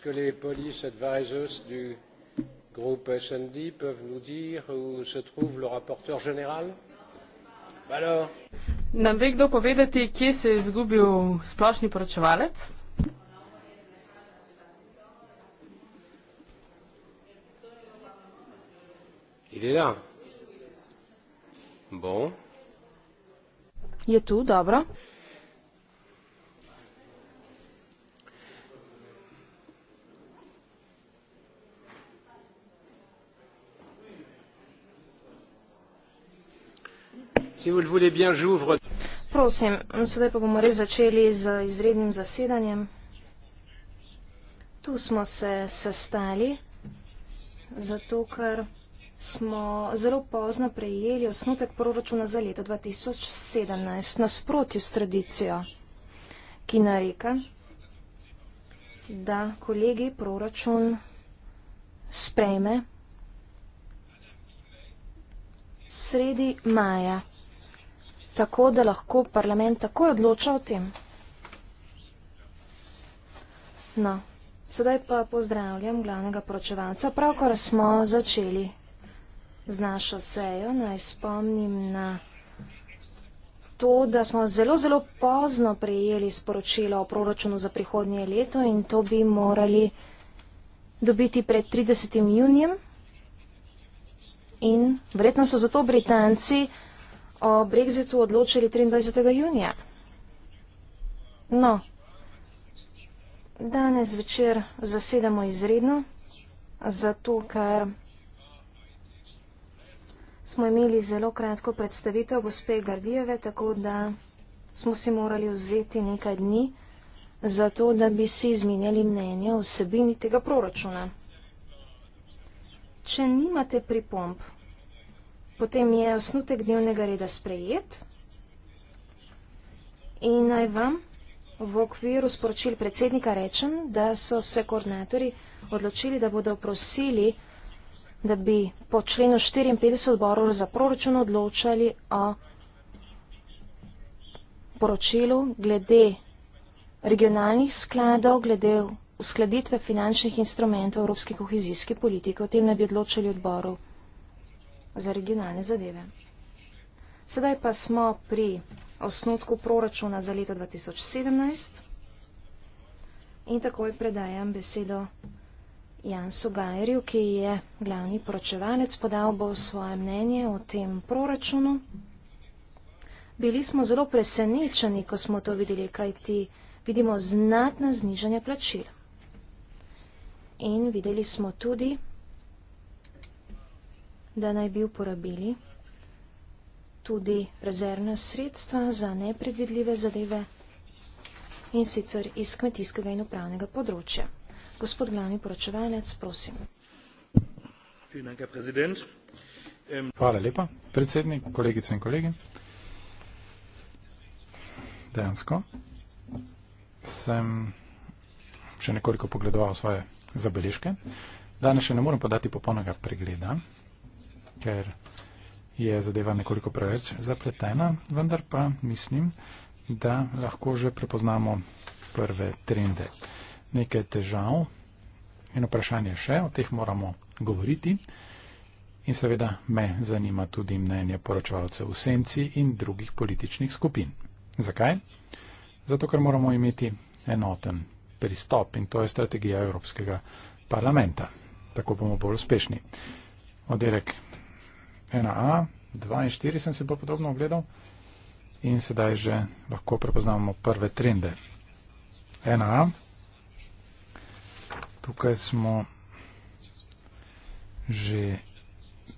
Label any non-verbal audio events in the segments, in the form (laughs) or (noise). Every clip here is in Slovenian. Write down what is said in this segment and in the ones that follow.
ce que les police advisers du groupe sd peuvent nous dire où se trouve le rapporteur général alors Nam ve kdo povedati, kje se je izgubil splošni poročevalec? Je tu, dobro. Prosim, sedaj pa bomo res začeli z izrednim zasedanjem. Tu smo se sestali, zato ker smo zelo pozno prejeli osnutek proračuna za leto 2017 nasprotju s tradicijo, ki nareka, da kolegi proračun sprejme sredi maja tako, da lahko parlament takoj odloča o tem. No, sedaj pa pozdravljam glavnega poročevalca. Pravkar smo začeli z našo sejo. Naj spomnim na to, da smo zelo, zelo pozno prejeli sporočilo o proračunu za prihodnje leto in to bi morali dobiti pred 30. junijem. In verjetno so zato Britanci o Brexitu odločili 23. junija. No, danes večer zasedamo izredno, zato ker smo imeli zelo kratko predstavitev gospe Gardijeve, tako da smo si morali vzeti nekaj dni, zato da bi si izmenjali mnenje o sebini tega proračuna. Če nimate pripomp, Potem je osnutek dnevnega reda sprejet in naj vam v okviru sporočil predsednika rečem, da so se koordinatori odločili, da bodo prosili, da bi po členu 54 odborov za proračun odločali o poročilu glede regionalnih skladov, glede uskladitve finančnih instrumentov Evropske kohezijske politike. O tem ne bi odločali odborov za originalne zadeve. Sedaj pa smo pri osnotku proračuna za leto 2017 in takoj predajam besedo Jansu Gajerju, ki je glavni poročevalec, podal bo svoje mnenje o tem proračunu. Bili smo zelo presenečeni, ko smo to videli, kaj ti vidimo znatna znižanja plačil. In videli smo tudi, da naj bi uporabili tudi rezervna sredstva za nepredvidljive zadeve in sicer iz kmetijskega in upravnega področja. Gospod glavni poročevalec, prosim. Hvala lepa, predsednik, kolegice in kolegi. Dejansko sem še nekoliko pogledoval svoje zabeležke. Danes še ne morem podati popolnega pregleda ker je zadeva nekoliko preveč zapletena, vendar pa mislim, da lahko že prepoznamo prve trende. Nekaj težav in vprašanje še, o teh moramo govoriti. In seveda me zanima tudi mnenje poročevalcev v senci in drugih političnih skupin. Zakaj? Zato, ker moramo imeti enoten pristop in to je strategija Evropskega parlamenta. Tako bomo bolj uspešni. Oddelek 1A, 2 in 4 sem si bolj podrobno ogledal in sedaj že lahko prepoznamo prve trende. 1A, tukaj smo že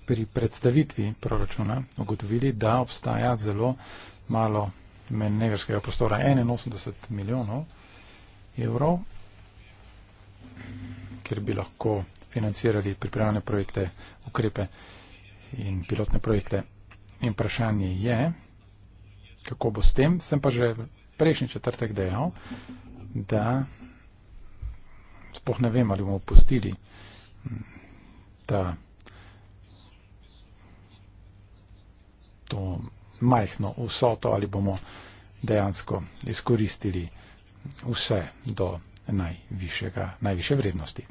pri predstavitvi proračuna ugotovili, da obstaja zelo malo menevrskega prostora, 81 milijonov evrov, kjer bi lahko financirali pripravljene projekte, ukrepe, in pilotne projekte. In vprašanje je, kako bo s tem. Sem pa že prejšnji četrtek dejal, da spoh ne vem, ali bomo pustili hm, ta, to majhno vsoto, ali bomo dejansko izkoristili vse do najvišjega, najviše vrednosti.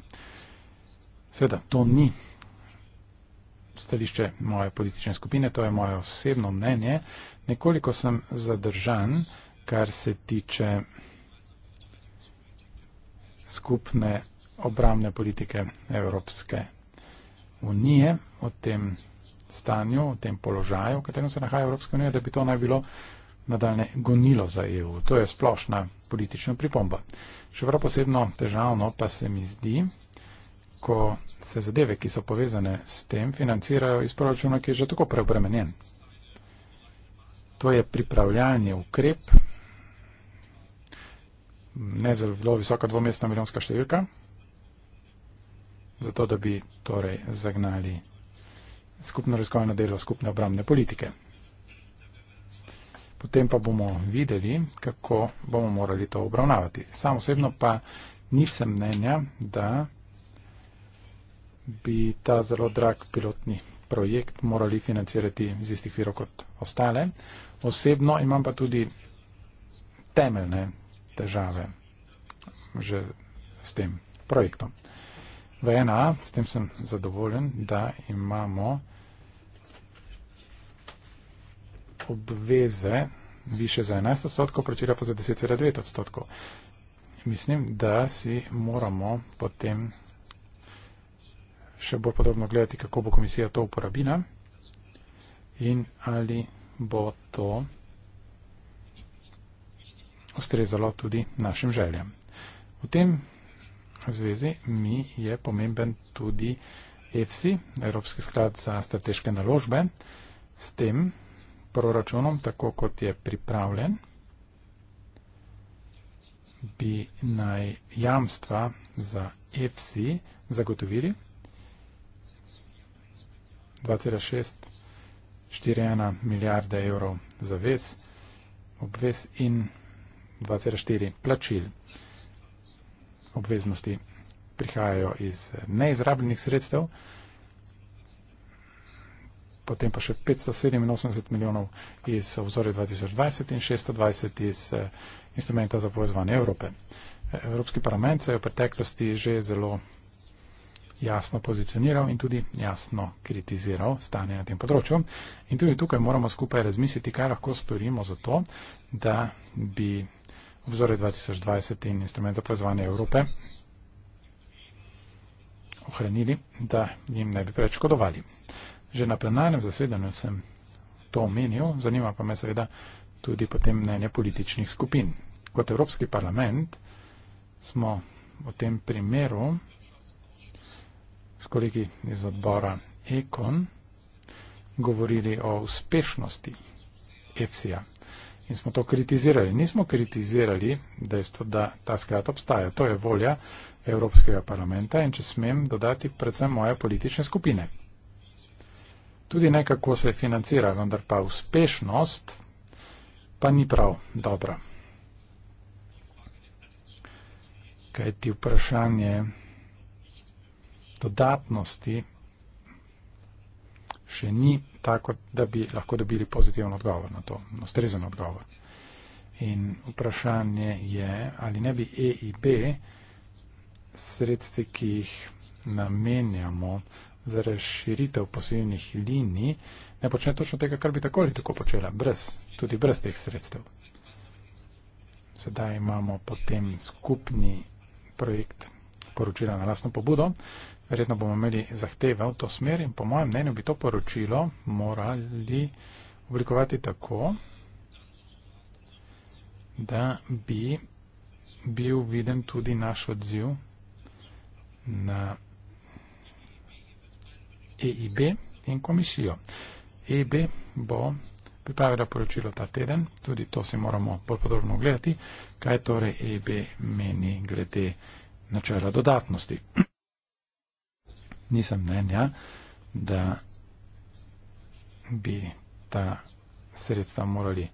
Sveda, to ni stališče moje politične skupine, to je moje osebno mnenje. Nekoliko sem zadržan, kar se tiče skupne obramne politike Evropske unije o tem stanju, o tem položaju, v katerem se nahaja Evropska unija, da bi to naj bilo nadaljne gonilo za EU. To je splošna politična pripomba. Še prav posebno težavno pa se mi zdi, ko se zadeve, ki so povezane s tem, financirajo iz proračuna, ki je že tako preobremenjen. To je pripravljanje ukrep, ne zelo visoka dvomestna milijonska številka, zato da bi torej zagnali skupno razkojeno delo skupne obramne politike. Potem pa bomo videli, kako bomo morali to obravnavati. Sam osebno pa nisem mnenja, da bi ta zelo drag pilotni projekt morali financirati iz istih virov kot ostale. Osebno imam pa tudi temeljne težave že s tem projektom. V 1A, s tem sem zadovoljen, da imamo obveze više za 11 odstotkov, pročira pa za 10,9 odstotkov. Mislim, da si moramo potem še bolj podrobno gledati, kako bo komisija to uporabila in ali bo to ustrezalo tudi našim željam. V tem zvezi mi je pomemben tudi EFSI, Evropski sklad za strateške naložbe, s tem proračunom, tako kot je pripravljen, bi naj jamstva za EFSI zagotovili 2,641 milijarde evrov zavez, obvez in 2,4 plačil obveznosti prihajajo iz neizrabljenih sredstev, potem pa še 587 milijonov iz obzorja 2020 in 620 iz eh, instrumenta za povezovanje Evrope. Evropski parlament se je v preteklosti že zelo jasno pozicioniral in tudi jasno kritiziral stanje na tem področju. In tudi tukaj moramo skupaj razmisliti, kaj lahko storimo za to, da bi obzore 2020 in instrument za proizvanje Evrope ohranili, da jim ne bi preveč škodovali. Že na plenarnem zasedanju sem to omenil, zanima pa me seveda tudi potem mnenje političnih skupin. Kot Evropski parlament smo v tem primeru s kolegi iz odbora Ekon govorili o uspešnosti EFSI-ja. In smo to kritizirali. Nismo kritizirali dejstvo, da ta sklad obstaja. To je volja Evropskega parlamenta in če smem dodati predvsem moje politične skupine. Tudi nekako se financira, vendar pa uspešnost pa ni prav dobra. Kaj ti vprašanje je? dodatnosti še ni tako, da bi lahko dobili pozitiven odgovor na to, ustrezen odgovor. In vprašanje je, ali ne bi EIB sredstvi, ki jih namenjamo za razširitev posebnih linij, ne počne točno tega, kar bi tako ali tako počela, brez, tudi brez teh sredstev. Sedaj imamo potem skupni projekt poročila na lastno pobudo, verjetno bomo imeli zahteve v to smer in po mojem mnenju bi to poročilo morali oblikovati tako, da bi bil viden tudi naš odziv na EIB in komisijo. EIB bo pripravila poročilo ta teden, tudi to si moramo bolj podrobno ogledati, kaj torej EIB meni glede načela dodatnosti nisem mnenja, da bi ta sredstva morali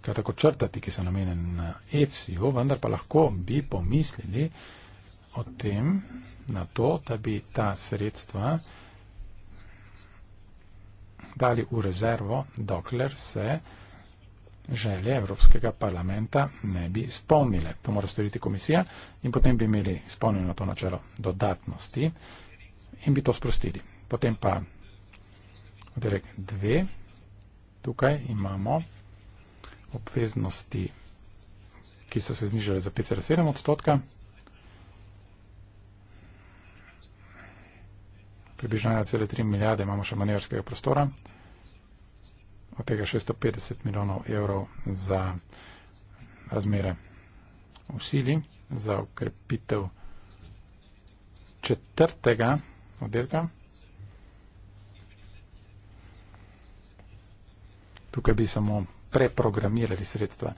kaj tako črtati, ki so namenjeni na EFSI-ju, vendar pa lahko bi pomislili o tem, na to, da bi ta sredstva dali v rezervo, dokler se želje Evropskega parlamenta ne bi spomnile. To mora storiti komisija in potem bi imeli spomnjeno to načelo dodatnosti in bi to sprostili. Potem pa oddelek 2, tukaj imamo obveznosti, ki so se znižale za 5,7 odstotka, približno 1,3 milijarde imamo še manevrskega prostora, od tega 650 milijonov evrov za razmere v sili, za ukrepitev četrtega, modelka. Tukaj bi samo preprogramirali sredstva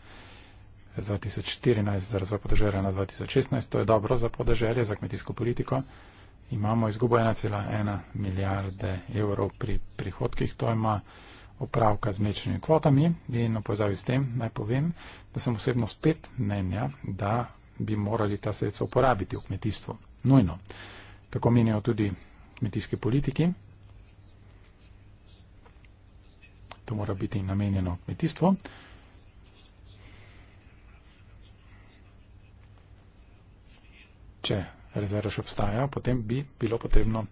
z 2014 za razvoj podeželja na 2016. To je dobro za podeželje, za kmetijsko politiko. Imamo izgubo 1,1 milijarde evrov pri prihodkih. To ima opravka z mlečnimi kvotami in na povezavi s tem naj povem, da sem osebno spet mnenja, da bi morali ta sredstva uporabiti v kmetijstvu. Nujno. Tako menijo tudi kmetijski politiki. To mora biti namenjeno kmetijstvo. Če rezerva še obstaja, potem bi bilo potrebno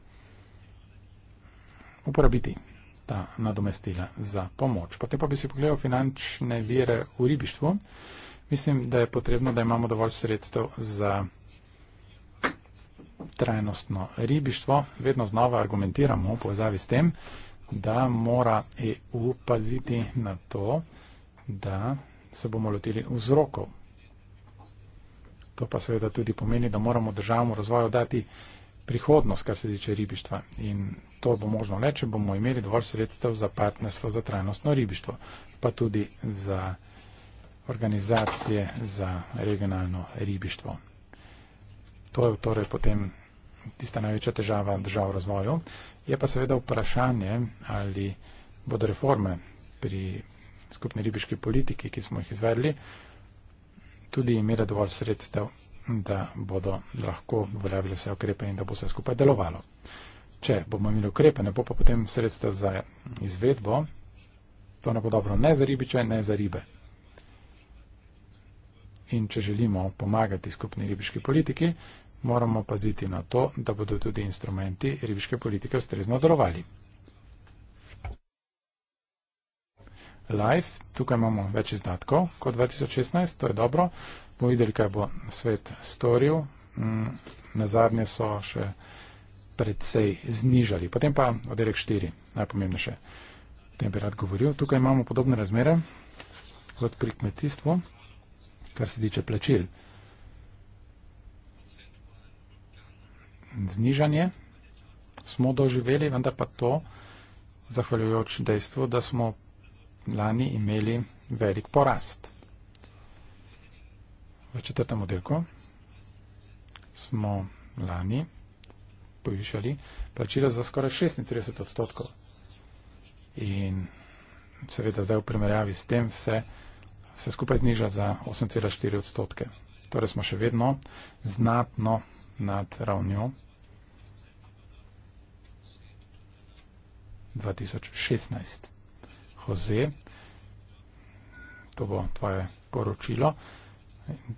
uporabiti ta nadomestila za pomoč. Potem pa bi si pogledal finančne vire v ribištvu. Mislim, da je potrebno, da imamo dovolj sredstev za trajnostno ribištvo, vedno znova argumentiramo v povezavi s tem, da mora EU paziti na to, da se bomo lotili vzrokov. To pa seveda tudi pomeni, da moramo državam v razvoju dati prihodnost, kar se tiče ribištva. In to bo možno le, če bomo imeli dovolj sredstev za partnerstvo za trajnostno ribištvo, pa tudi za organizacije za regionalno ribištvo. To je torej potem tista največja težava držav v razvoju. Je pa seveda vprašanje, ali bodo reforme pri skupni ribiški politiki, ki smo jih izvedli, tudi imele dovolj sredstev, da bodo lahko uveljavili vse okrepe in da bo vse skupaj delovalo. Če bomo imeli ukrepe, ne bo pa potem sredstev za izvedbo, to ne bo dobro ne za ribiče, ne za ribe in če želimo pomagati skupni ribiški politiki, moramo paziti na to, da bodo tudi instrumenti ribiške politike ustrezno delovali. Life, tukaj imamo več izdatkov kot 2016, to je dobro. Bomo videli, kaj bo svet storil. Mm, na zadnje so še predvsej znižali. Potem pa oddelek 4, najpomembnejše. O tem bi rad govoril. Tukaj imamo podobne razmere kot pri kmetijstvu kar se tiče plačil. Znižanje smo doživeli, vendar pa to zahvaljujoč dejstvu, da smo lani imeli velik porast. V četrtem oddelku smo lani povišali plačila za skoraj 36 odstotkov. In seveda zdaj v primerjavi s tem se se skupaj zniža za 8,4 odstotke. Torej smo še vedno znatno nad ravnjo 2016. Hoze, to bo tvoje poročilo,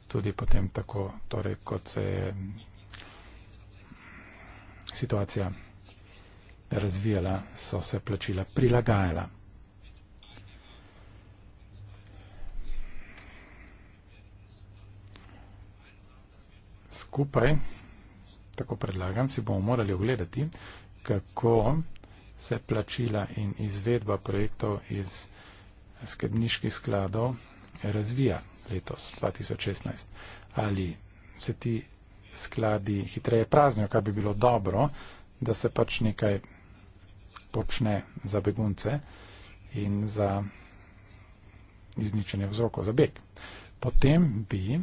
tudi potem tako, torej kot se je situacija razvijala, so se plačila prilagajala. skupaj, tako predlagam, si bomo morali ogledati, kako se plačila in izvedba projektov iz skrbniških skladov razvija letos 2016. Ali se ti skladi hitreje praznijo, kar bi bilo dobro, da se pač nekaj počne za begunce in za izničenje vzrokov za beg. Potem bi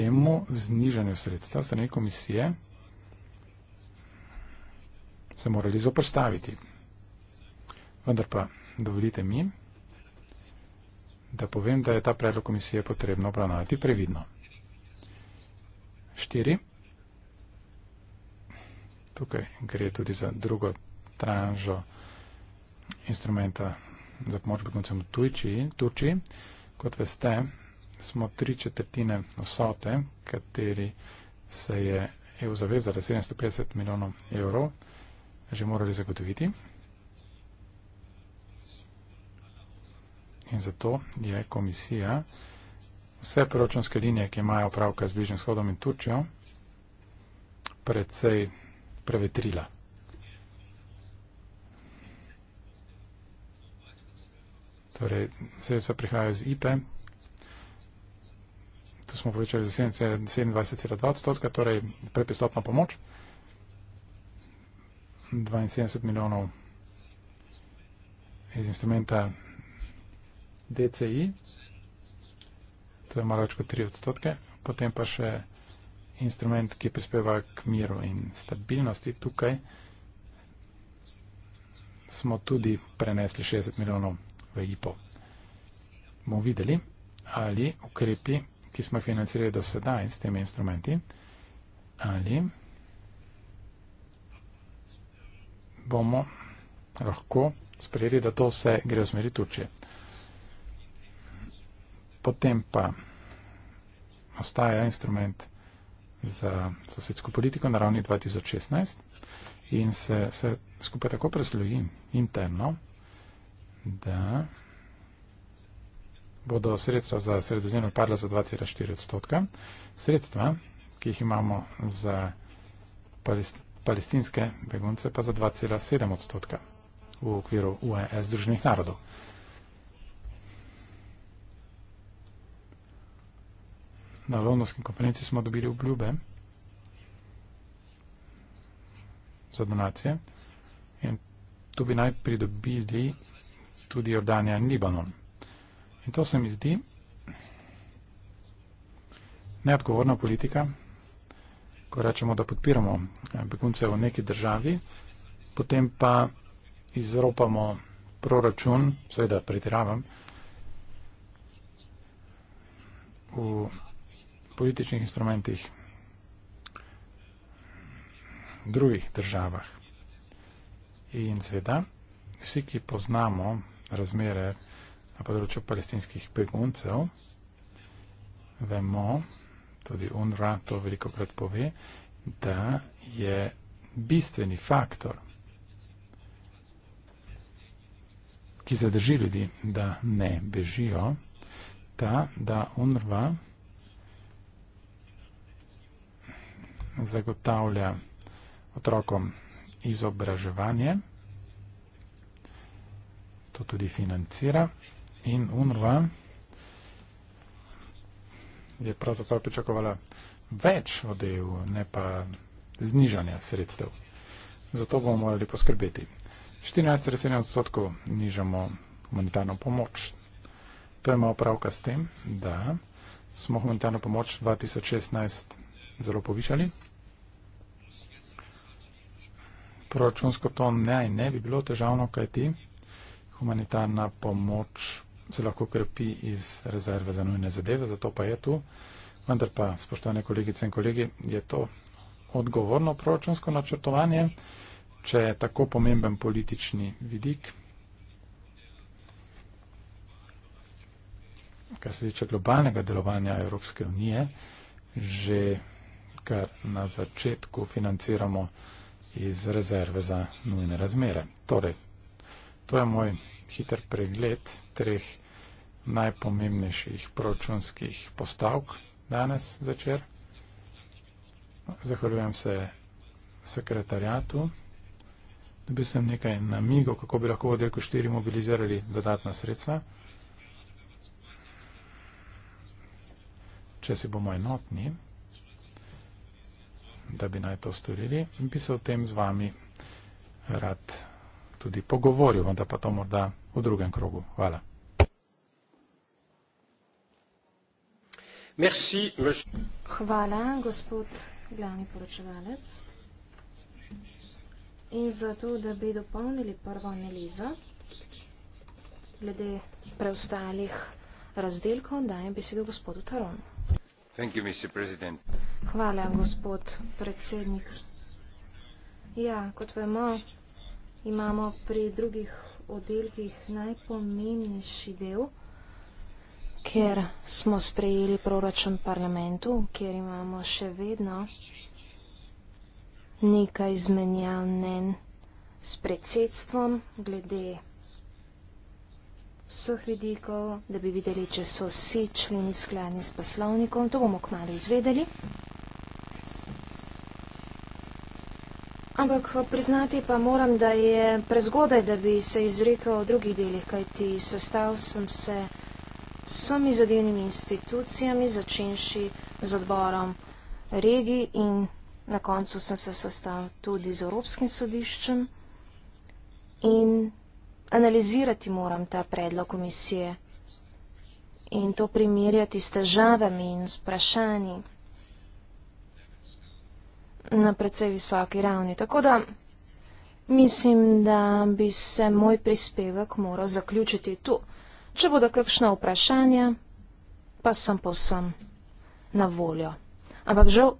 temu znižanju sredstev strani komisije se morali zoprstaviti. Vendar pa dovolite mi, da povem, da je ta predlog komisije potrebno obravnavati previdno. Štiri. Tukaj gre tudi za drugo tranžo instrumenta za pomoč begoncem v Turčiji. Kot veste, smo tri četrtine vsote, kateri se je EU zavezala 750 milijonov evrov, že morali zagotoviti. In zato je komisija vse proračunske linije, ki imajo opravka z Bližnjim shodom in Turčjo, predvsej prevetrila. Torej, sredstva prihajajo iz IPE, to smo povečali za 27,2 odstotka, torej prepistopna pomoč. 72 milijonov iz instrumenta DCI, to je malo več kot 3 odstotke, potem pa še instrument, ki prispeva k miru in stabilnosti tukaj, smo tudi prenesli 60 milijonov v IPO. E Bomo videli, ali ukrepi ki smo jih financirali do sedaj s temi instrumenti, ali bomo lahko sprejeli, da to vse gre v smeri Turčije. Potem pa ostaja instrument za sosedsko politiko na ravni 2016 in se, se skupaj tako presloji interno, da bodo sredstva za sredozemno padla za 2,4 odstotka. Sredstva, ki jih imamo za palest, palestinske begunce, pa za 2,7 odstotka v okviru UNS e Združenih narodov. Na londonski konferenci smo dobili obljube za donacije in tu bi naj pridobili tudi Jordanija in Libanon. In to se mi zdi neodgovorna politika, ko rečemo, da podpiramo eh, begunce v neki državi, potem pa izropamo proračun, seveda pretiravam, v političnih instrumentih v drugih državah. In seveda, vsi, ki poznamo razmere, na področju palestinskih beguncev. Vemo, tudi UNRWA to veliko krat pove, da je bistveni faktor, ki zadrži ljudi, da ne bežijo, ta, da UNRWA zagotavlja otrokom izobraževanje, to tudi financira In UNRWA je pravzaprav pričakovala več od EU, ne pa znižanja sredstev. Zato bomo morali poskrbeti. 14,7 odstotkov nižamo humanitarno pomoč. To ima opravka s tem, da smo humanitarno pomoč 2016 zelo povišali. Proračunsko to naj ne bi bilo težavno, kajti humanitarna pomoč se lahko krpi iz rezerve za nujne zadeve, zato pa je tu. Vendar pa, spoštovane kolegice in kolegi, je to odgovorno proračunsko načrtovanje, če je tako pomemben politični vidik. Kar se tiče globalnega delovanja Evropske unije, že kar na začetku financiramo iz rezerve za nujne razmere. Torej, to je moj hiter pregled treh najpomembnejših proračunskih postavk danes začer. Zahvaljujem se sekretarjatu. Dobil sem nekaj namigov, kako bi lahko v oddelku 4 mobilizirali dodatna sredstva. Če si bomo enotni, da bi naj to storili, bi se o tem z vami rad tudi pogovoril, vendar pa to morda v drugem krogu. Hvala. Hvala, gospod glavni poročevalec. In zato, da bi dopolnili prvo analizo glede preostalih razdelkov, dajem besedo gospodu Taronu. Hvala, gospod predsednik. Ja, kot vemo, imamo pri drugih oddelkih najpomembnejši del, ker smo sprejeli proračun parlamentu, kjer imamo še vedno nekaj izmenjav mnen s predsedstvom glede vseh vidikov, da bi videli, če so vsi členi skladni s poslovnikom. To bomo kmalo izvedeli. Ampak eh, priznati pa moram, da je prezgodaj, da bi se izrekel o drugih delih, kajti sestal sem se s vsemi zadevnimi institucijami, začenši z odborom regij in na koncu sem se sestal tudi z Evropskim sodiščem in analizirati moram ta predlog komisije in to primerjati s težavami in s vprašanji na precej visoki ravni. Tako da mislim, da bi se moj prispevek moral zaključiti tu. Če bodo kakšno vprašanje, pa sem povsem na voljo. Ampak žal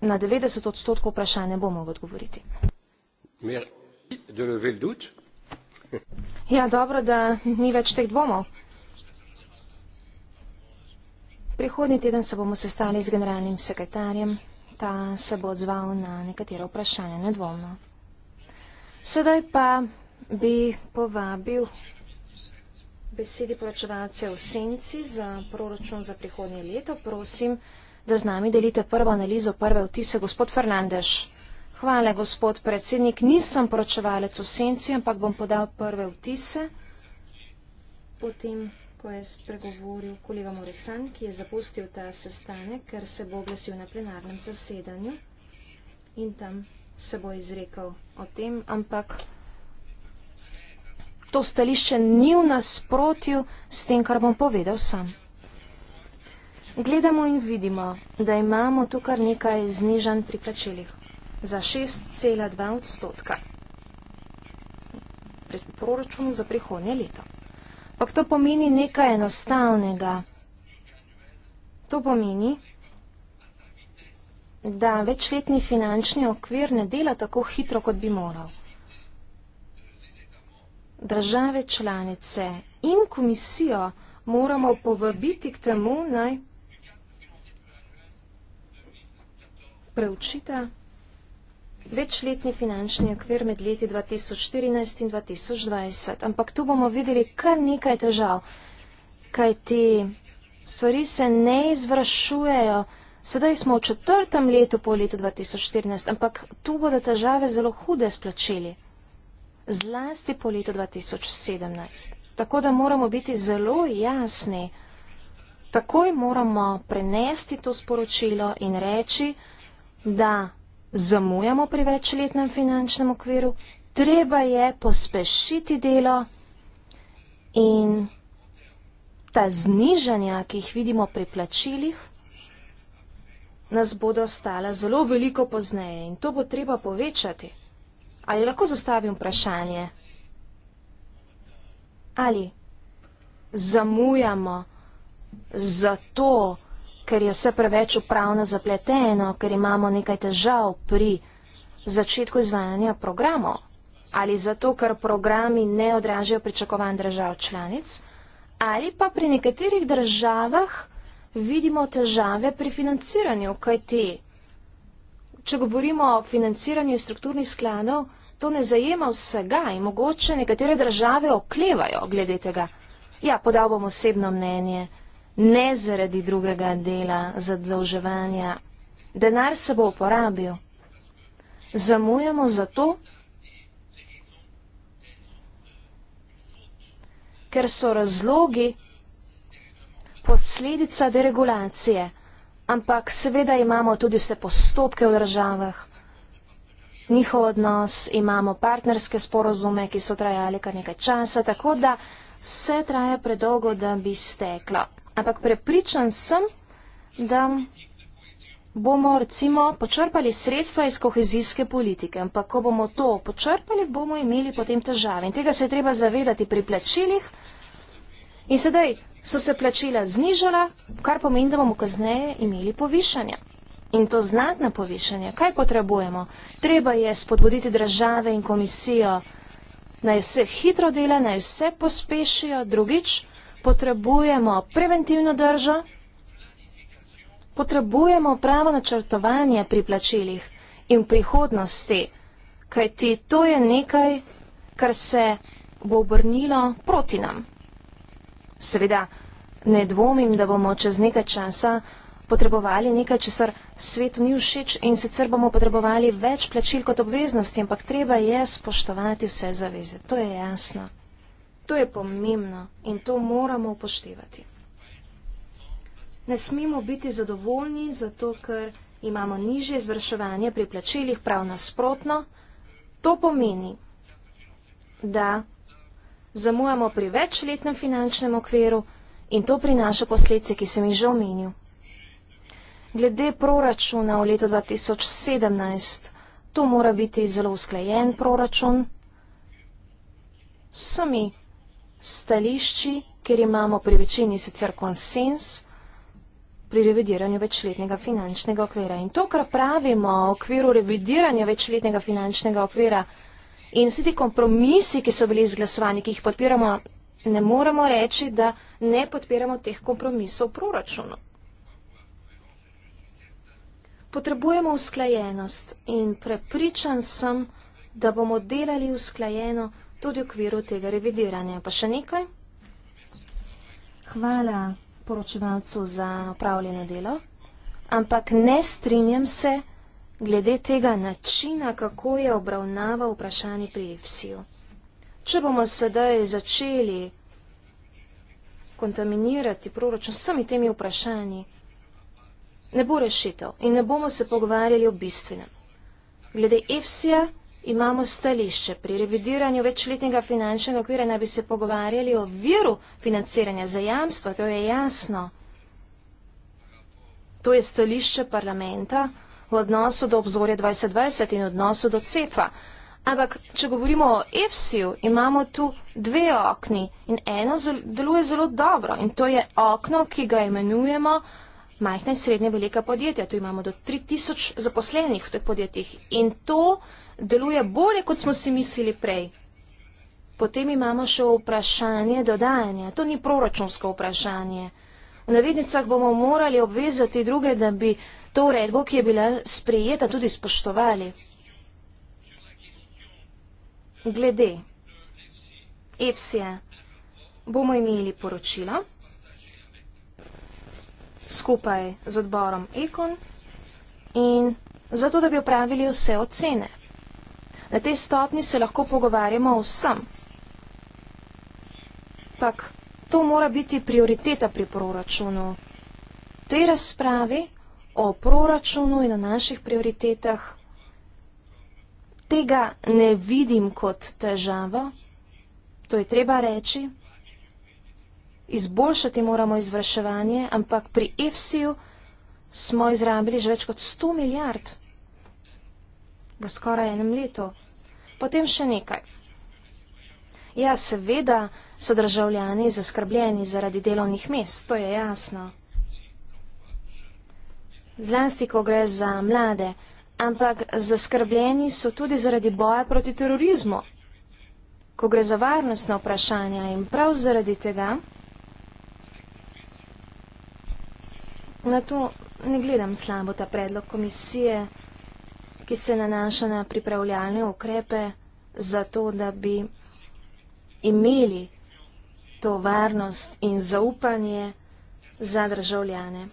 na 90 odstotkov vprašanj ne bom mogel odgovoriti. (laughs) Ja, dobro, da ni več teh dvomov. Prihodnji teden se bomo sestali z generalnim sekretarjem ta se bo odzval na nekatere vprašanja, nedvomno. Sedaj pa bi povabil besedi poročevalce v senci za proračun za prihodnje leto. Prosim, da z nami delite prvo analizo, prve vtise, gospod Fernandeš. Hvala, gospod predsednik. Nisem poročevalec v senci, ampak bom podal prve vtise. Potem ko je spregovoril kolega Moresan, ki je zapustil ta sestanek, ker se bo oglasil na plenarnem zasedanju in tam se bo izrekel o tem, ampak to stališče ni v nasprotju s tem, kar bom povedal sam. Gledamo in vidimo, da imamo tukaj nekaj znižanj pri plačilih za 6,2 odstotka. Proračun za prihodnje leto ampak to pomeni nekaj enostavnega. To pomeni, da večletni finančni okvir ne dela tako hitro, kot bi moral. Države članice in komisijo moramo povabiti k temu naj preučita večletni finančni okvir med leti 2014 in 2020. Ampak tu bomo videli kar nekaj težav, kaj ti stvari se ne izvršujejo. Sedaj smo v četrtem letu po letu 2014, ampak tu bodo težave zelo hude splačili. Zlasti po letu 2017. Tako da moramo biti zelo jasni. Takoj moramo prenesti to sporočilo in reči, da zamujamo pri večletnem finančnem okviru, treba je pospešiti delo in ta znižanja, ki jih vidimo pri plačilih, nas bodo ostala zelo veliko pozneje in to bo treba povečati. Ali lahko zastavim vprašanje? Ali zamujamo zato, da ker je vse preveč upravno zapleteno, ker imamo nekaj težav pri začetku izvajanja programov. Ali zato, ker programi ne odražajo pričakovan držav članic, ali pa pri nekaterih državah vidimo težave pri financiranju, kaj ti. Če govorimo o financiranju strukturnih skladov, to ne zajema vsega in mogoče nekatere države oklevajo glede tega. Ja, podal bom osebno mnenje ne zaradi drugega dela zadolževanja. Denar se bo uporabil. Zamujamo zato, ker so razlogi posledica deregulacije, ampak seveda imamo tudi vse postopke v državah, njihov odnos, imamo partnerske sporozume, ki so trajali kar nekaj časa, tako da vse traja predolgo, da bi steklo ampak prepričan sem, da bomo recimo počrpali sredstva iz kohezijske politike. Ampak ko bomo to počrpali, bomo imeli potem težave. In tega se je treba zavedati pri plačilih. In sedaj so se plačila znižala, kar pomeni, da bomo kazneje imeli povišanje. In to znatna povišanje. Kaj potrebujemo? Treba je spodbuditi države in komisijo, naj vse hitro dela, naj vse pospešijo, drugič, potrebujemo preventivno držo, potrebujemo pravo načrtovanje pri plačilih in prihodnosti, kajti to je nekaj, kar se bo obrnilo proti nam. Seveda, ne dvomim, da bomo čez nekaj časa potrebovali nekaj, česar svetu ni všeč in sicer bomo potrebovali več plačil kot obveznosti, ampak treba je spoštovati vse zaveze. To je jasno. To je pomembno in to moramo upoštevati. Ne smemo biti zadovoljni zato, ker imamo niže izvrševanje pri plačilih prav nasprotno. To pomeni, da zamujamo pri večletnem finančnem okviru in to prinaša posledce, ki sem jih že omenil. Glede proračuna v letu 2017, to mora biti zelo usklajen proračun. Sami stališči, kjer imamo pri večini sicer konsens pri revidiranju večletnega finančnega okvira. In to, kar pravimo v okviru revidiranja večletnega finančnega okvira in vsi ti kompromisi, ki so bili izglasovani, ki jih podpiramo, ne moremo reči, da ne podpiramo teh kompromisov v proračunu. Potrebujemo usklajenost in prepričan sem, da bomo delali usklajeno tudi v okviru tega revidiranja. Pa še nekaj? Hvala poročevalcu za upravljeno delo, ampak ne strinjam se glede tega načina, kako je obravnava vprašanje pri EFSI-ju. Če bomo sedaj začeli kontaminirati proračun s vsemi temi vprašanji, ne bo rešitev in ne bomo se pogovarjali o bistvenem. Glede EFSI-ja, imamo stališče. Pri revidiranju večletnega finančnega okvira naj bi se pogovarjali o viru financiranja za jamstvo, to je jasno. To je stališče parlamenta v odnosu do obzorja 2020 in odnosu do CEPA. Ampak, če govorimo o EFSI-ju, imamo tu dve okni in eno deluje zelo dobro in to je okno, ki ga imenujemo majhna in srednja velika podjetja. Tu imamo do 3000 zaposlenih v teh podjetjih in to deluje bolje, kot smo si mislili prej. Potem imamo še vprašanje dodajanja. To ni proračunsko vprašanje. V navednicah bomo morali obvezati druge, da bi to uredbo, ki je bila sprejeta, tudi spoštovali. Glede EFSI-ja bomo imeli poročilo skupaj z odborom Ekon in zato, da bi opravili vse ocene. Na tej stopni se lahko pogovarjamo o vsem. Pak, to mora biti prioriteta pri proračunu. V tej razpravi o proračunu in o naših prioritetah tega ne vidim kot težavo, to je treba reči, izboljšati moramo izvrševanje, ampak pri EFSI-ju smo izrabili že več kot 100 milijard v skoraj enem letu. Potem še nekaj. Ja, seveda so državljani zaskrbljeni zaradi delovnih mest, to je jasno. Zlasti, ko gre za mlade, ampak zaskrbljeni so tudi zaradi boja proti terorizmu. Ko gre za varnostna vprašanja in prav zaradi tega, Na to ne gledam slabo ta predlog komisije, ki se nanaša na pripravljalne ukrepe za to, da bi imeli to varnost in zaupanje za državljane.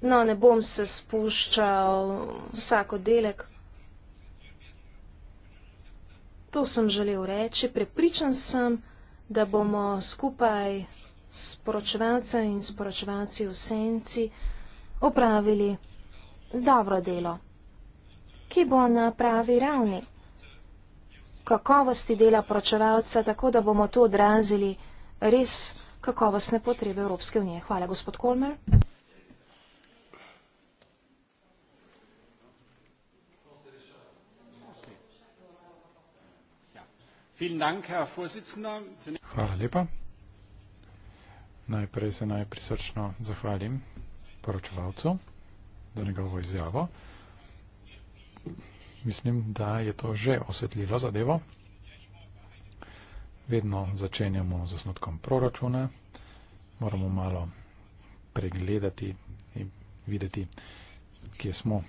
No, ne bom se spuščal vsako delek. To sem želel reči, prepričan sem, da bomo skupaj sporočevalce in sporočevalci v senci opravili dobro delo, ki bo na pravi ravni kakovosti dela poročevalca, tako da bomo tu odrazili res kakovostne potrebe Evropske unije. Hvala, gospod Kolmer. Hvala lepa. Najprej se najprisrčno zahvalim poročevalcu za njegovo izjavo. Mislim, da je to že osvetlilo zadevo. Vedno začenjamo z osnotkom proračuna, moramo malo pregledati in videti, kje smo.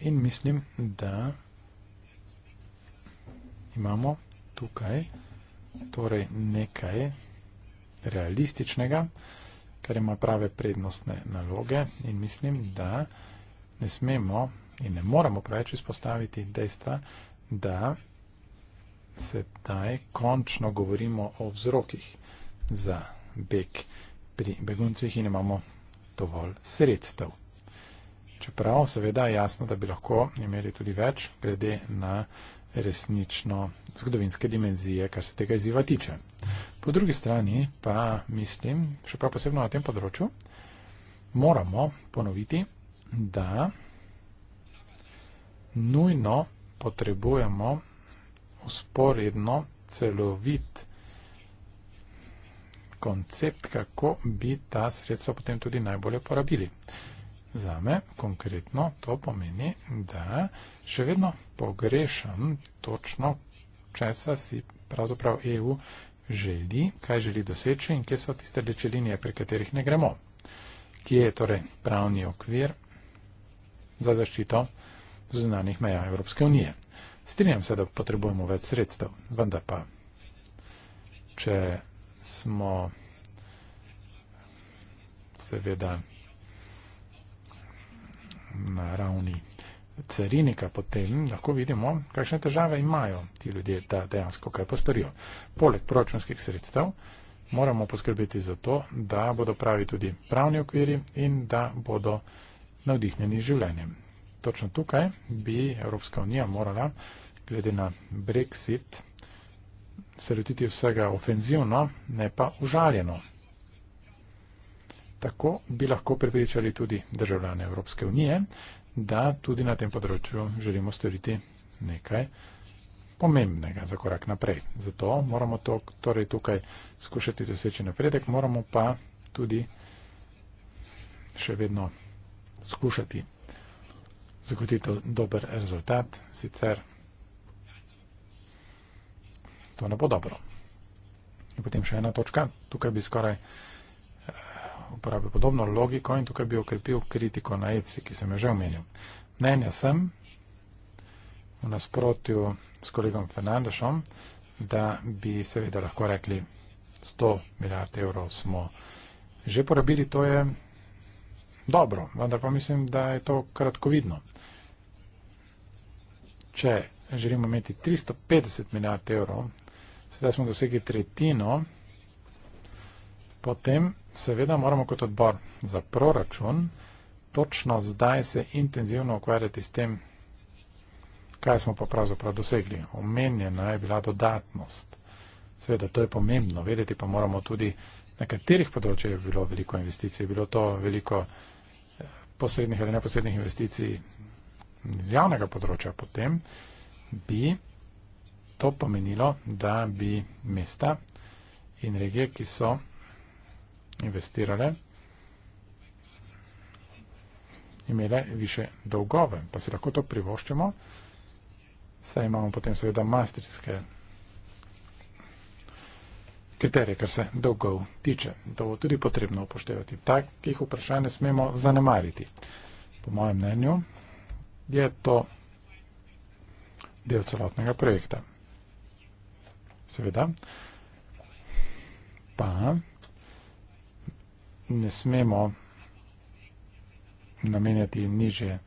In mislim, da imamo tukaj torej nekaj realističnega, kar ima prave prednostne naloge in mislim, da ne smemo in ne moramo preveč izpostaviti dejstva, da se taj končno govorimo o vzrokih za beg pri beguncih in imamo dovolj sredstev. Čeprav seveda je jasno, da bi lahko imeli tudi več glede na resnično zgodovinske dimenzije, kar se tega izziva tiče. Po drugi strani pa mislim, še prav posebno na tem področju, moramo ponoviti, da nujno potrebujemo usporedno celovit koncept, kako bi ta sredstva potem tudi najbolje porabili. Uh, Za me konkretno to pomeni, da še vedno pogrešam točno, česa si pravzaprav EU želi, kaj želi doseči in kje so tiste reče linije, pri katerih ne gremo. Kje je torej pravni okvir za zaščito zunanih meja Evropske unije? Strinjam se, da potrebujemo več sredstev, vendar pa, če smo seveda na ravni carinika potem lahko vidimo, kakšne težave imajo ti ljudje, da dejansko kaj postorijo. Poleg proračunskih sredstev moramo poskrbeti za to, da bodo pravi tudi pravni okviri in da bodo navdihnjeni z življenjem. Točno tukaj bi Evropska unija morala, glede na Brexit, se lotiti vsega ofenzivno, ne pa užaljeno. Tako bi lahko prepričali tudi državljane Evropske unije, da tudi na tem področju želimo storiti nekaj pomembnega za korak naprej. Zato moramo to, torej tukaj skušati doseči napredek, moramo pa tudi še vedno skušati zagotoviti dober rezultat, sicer to ne bo dobro. In potem še ena točka, tukaj bi skoraj uporabi podobno logiko in tukaj bi okrepil kritiko na etici, ki sem jo že omenil. Mnenja sem, v nasprotju s kolegom Fernandešom, da bi seveda lahko rekli, 100 milijard evrov smo že porabili, to je dobro, vendar pa mislim, da je to kratkovidno. Če želimo imeti 350 milijard evrov, sedaj smo dosegli tretjino, potem Seveda moramo kot odbor za proračun točno zdaj se intenzivno ukvarjati s tem, kaj smo pa pravzaprav dosegli. Omenjena je bila dodatnost. Seveda, to je pomembno. Vedeti pa moramo tudi, na katerih področjih je bilo veliko investicij. Bilo to veliko eh, posrednih ali neposrednih investicij iz javnega področja. Potem bi to pomenilo, da bi mesta in regije, ki so investirale, imele više dolgove, pa si lahko to privoščimo. Saj imamo potem seveda maastrijske kriterije, kar se dolgov tiče. To bo tudi potrebno upoštevati. Takih vprašanj ne smemo zanemariti. Po mojem mnenju je to del celotnega projekta. Seveda, pa ne smemo namenjati niže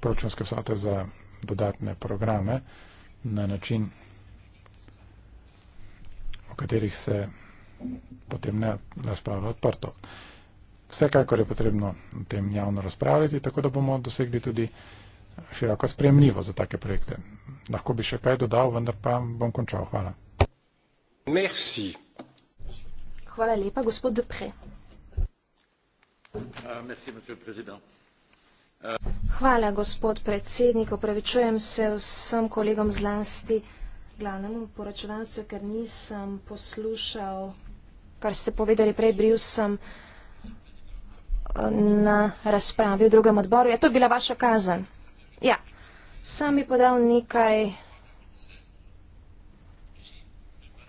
proračunske vsote za dodatne programe na način, o katerih se potem ne razpravlja odprto. Vsekakor je potrebno o tem javno razpravljati, tako da bomo dosegli tudi široko sprejemljivo za take projekte. Lahko bi še kaj dodal, vendar pa bom končal. Hvala. Merci. Hvala lepa. Gospod Dupre. Uh, uh, Hvala, gospod predsednik. Opravičujem se vsem kolegom zlasti glavnemu poračunavcu, ker nisem poslušal, kar ste povedali prej, bril sem uh, na razpravi v drugem odboru. Ja, je to bila vaša kazen? Ja. Sam je podal nekaj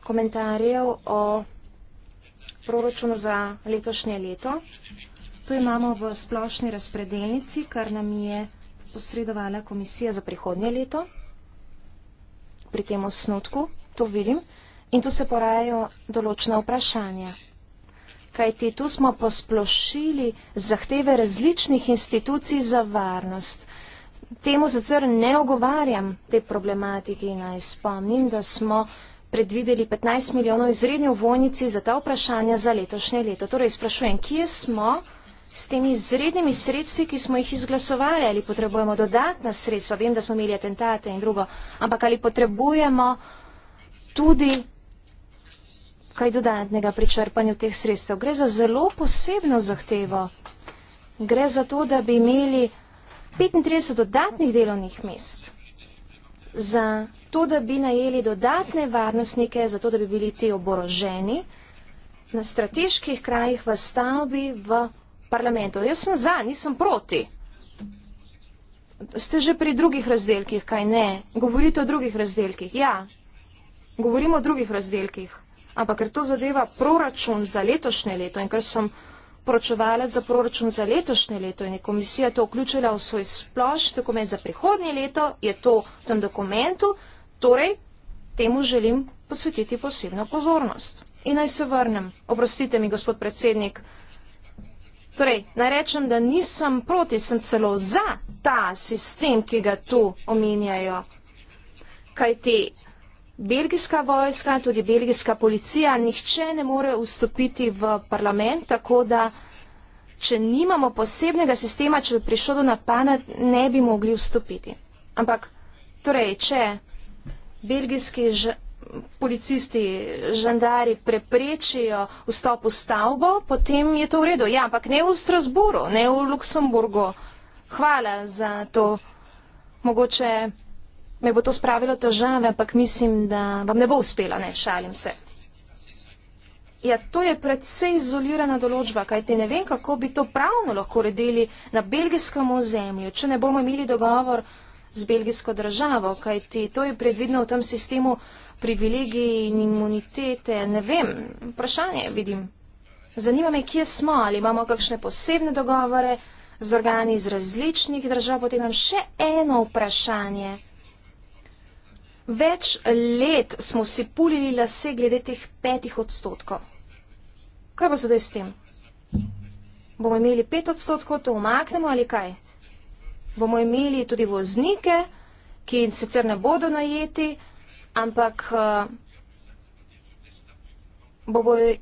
komentarjev o vsega, proračuna za letošnje leto. To imamo v splošni razpredelnici, kar nam je posredovala komisija za prihodnje leto. Pri tem osnutku to vidim in tu se porajajo določena vprašanja. Kajti tu smo posplošili zahteve različnih institucij za varnost. Temu zacr ne ogovarjam te problematiki in naj spomnim, da smo predvideli 15 milijonov izredne uvojnici za ta vprašanja za letošnje leto. Torej, sprašujem, kje smo s temi izrednimi sredstvi, ki smo jih izglasovali, ali potrebujemo dodatna sredstva, vem, da smo imeli atentate in drugo, ampak ali potrebujemo tudi kaj dodatnega pri črpanju teh sredstev. Gre za zelo posebno zahtevo. Gre za to, da bi imeli 35 dodatnih delovnih mest za to, da bi najeli dodatne varnostnike, zato da bi bili ti oboroženi na strateških krajih v stavbi v parlamentu. Jaz sem za, nisem proti. Ste že pri drugih razdelkih, kaj ne? Govorite o drugih razdelkih. Ja, govorimo o drugih razdelkih. Ampak ker to zadeva proračun za letošnje leto in ker sem poročevalec za proračun za letošnje leto in je komisija to vključila v svoj splošni dokument za prihodnje leto, je to v tem dokumentu, Torej, temu želim posvetiti posebno pozornost. In naj se vrnem, oprostite mi, gospod predsednik, torej, naj rečem, da nisem proti, sem celo za ta sistem, ki ga tu omenjajo. Kaj ti belgijska vojska, tudi belgijska policija, nihče ne more vstopiti v parlament, tako da, če nimamo posebnega sistema, če bi prišlo do napana, ne bi mogli vstopiti. Ampak, torej, če belgijski ž, policisti, žandari preprečijo vstop v stavbo, potem je to v redu. Ja, ampak ne v Strasburu, ne v Luksemburgu. Hvala za to. Mogoče me bo to spravilo težave, ampak mislim, da vam ne bo uspelo, ne šalim se. Ja, to je predvsej izolirana določba, kajte ne vem, kako bi to pravno lahko redili na belgijskem ozemlju, če ne bomo imeli dogovor z belgijsko državo, kajti to je predvidno v tem sistemu privilegij in imunitete. Ne vem, vprašanje vidim. Zanima me, kje smo, ali imamo kakšne posebne dogovore z organi iz različnih držav. Potem imam še eno vprašanje. Več let smo si pulili lase glede teh petih odstotkov. Kaj pa zdaj s tem? Bomo imeli pet odstotkov, to umaknemo ali kaj? bomo imeli tudi voznike, ki sicer ne bodo najeti, ampak eh,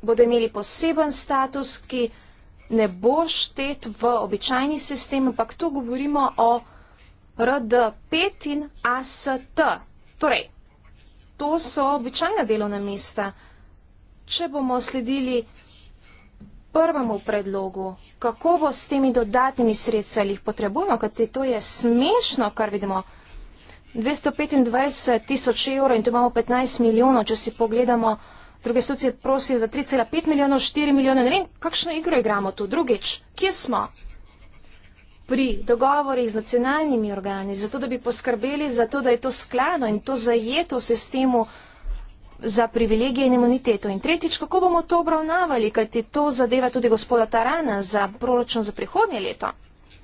bodo imeli poseben status, ki ne bo štet v običajni sistem, ampak tu govorimo o RD5 in AST. Torej, to so običajna delovna mesta. Če bomo sledili vsega, prvemu predlogu, kako bo s temi dodatnimi sredstvi, ali jih potrebujemo, kaj to je smešno, kar vidimo. 225 tisoč evrov in tu imamo 15 milijonov, če si pogledamo, druge institucije prosijo za 3,5 milijonov, 4 milijone, ne vem, kakšno igro igramo tu. Drugič, kje smo? Pri dogovorih z nacionalnimi organi, zato da bi poskrbeli za to, da je to skladno in to zajeto v sistemu za privilegije in imuniteto. In tretjič, kako bomo to obravnavali, kajti to zadeva tudi gospoda Tarana za proračun za prihodnje leto.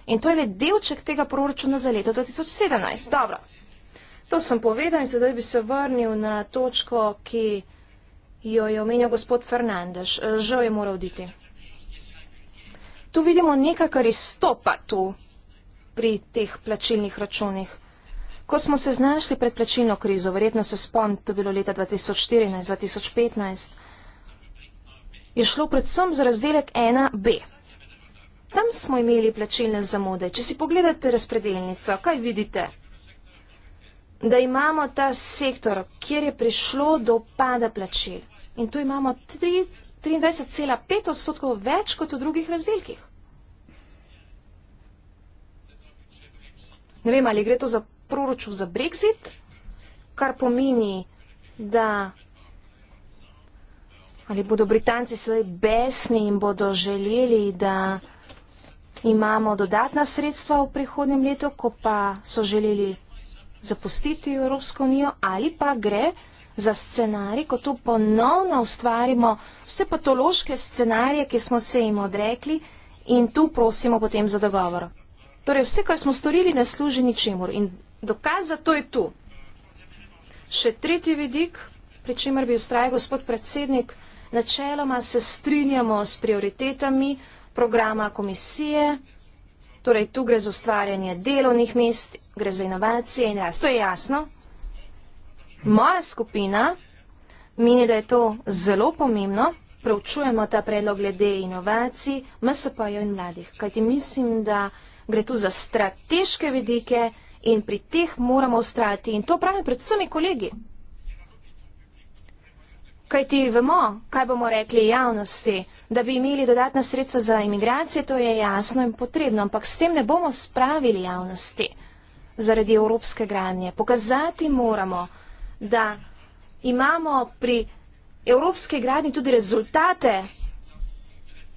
In to je le delček tega proračuna za leto 2017. Dobro, to sem povedal in sedaj bi se vrnil na točko, ki jo je omenil gospod Fernandez. Žal je moral oditi. Tu vidimo nekaj, kar izstopa tu pri teh plačilnih računih. Ko smo se znašli pred plačilno krizo, verjetno se spomnite, to je bilo leta 2014-2015, je šlo predvsem za razdelek 1B. Tam smo imeli plačilne zamude. Če si pogledate razpredelnico, kaj vidite? Da imamo ta sektor, kjer je prišlo do pada plačil. In tu imamo 23,5 odstotkov več kot v drugih razdelkih. Ne vem, ali gre to za proračun za Brexit, kar pomeni, da ali bodo Britanci sedaj besni in bodo želeli, da imamo dodatna sredstva v prihodnjem letu, ko pa so želeli zapustiti Evropsko unijo ali pa gre za scenarij, ko tu ponovno ustvarimo vse patološke scenarije, ki smo se jim odrekli in tu prosimo potem za dogovor. Torej vse, kar smo storili, ne služi ničemur in Dokaz za to je tu. Še tretji vidik, pri čemer bi ustrajal gospod predsednik, načeloma se strinjamo s prioritetami programa komisije, torej tu gre za ustvarjanje delovnih mest, gre za inovacije in rast. To je jasno. Moja skupina meni, da je to zelo pomembno, preučujemo ta predlog glede inovacij, MSP-jo in mladih, kajti mislim, da gre tu za strateške vidike, in pri teh moramo ustrajati. In to pravim pred vsemi kolegi. Kaj ti vemo, kaj bomo rekli javnosti, da bi imeli dodatna sredstva za imigracije, to je jasno in potrebno, ampak s tem ne bomo spravili javnosti zaradi evropske granje. Pokazati moramo, da imamo pri evropske gradnji tudi rezultate,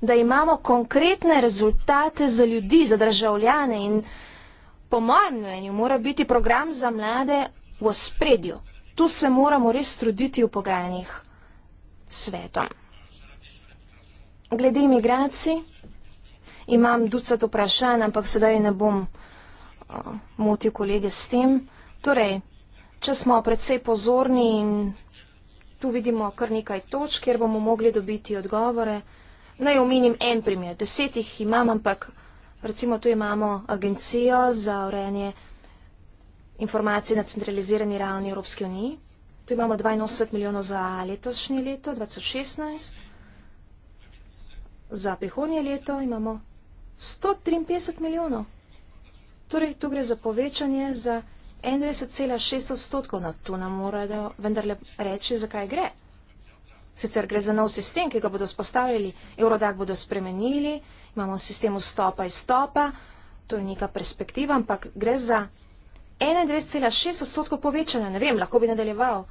da imamo konkretne rezultate za ljudi, za državljane in državljane po mojem mnenju mora biti program za mlade v spredju. Tu se moramo res truditi v pogajanjih svetom. Glede imigracij, imam ducat vprašanj, ampak sedaj ne bom uh, motil kolege s tem. Torej, če smo predvsej pozorni in tu vidimo kar nekaj točk, kjer bomo mogli dobiti odgovore, naj omenim en primer, deset jih imam, ampak. Recimo tu imamo agencijo za urejanje informacij na centralizirani ravni Evropske unije. Tu imamo 82 milijonov za letošnje leto, 2016. Za prihodnje leto imamo 153 milijonov. Torej, tu gre za povečanje za 91,6 odstotkov. No, tu nam morajo vendarle reči, zakaj gre. Sicer gre za nov sistem, ki ga bodo spostavili, Eurodag bodo spremenili, imamo sistem vstopa in stopa, to je neka perspektiva, ampak gre za 21,6 odstotkov povečanja, ne vem, lahko bi nadaljeval.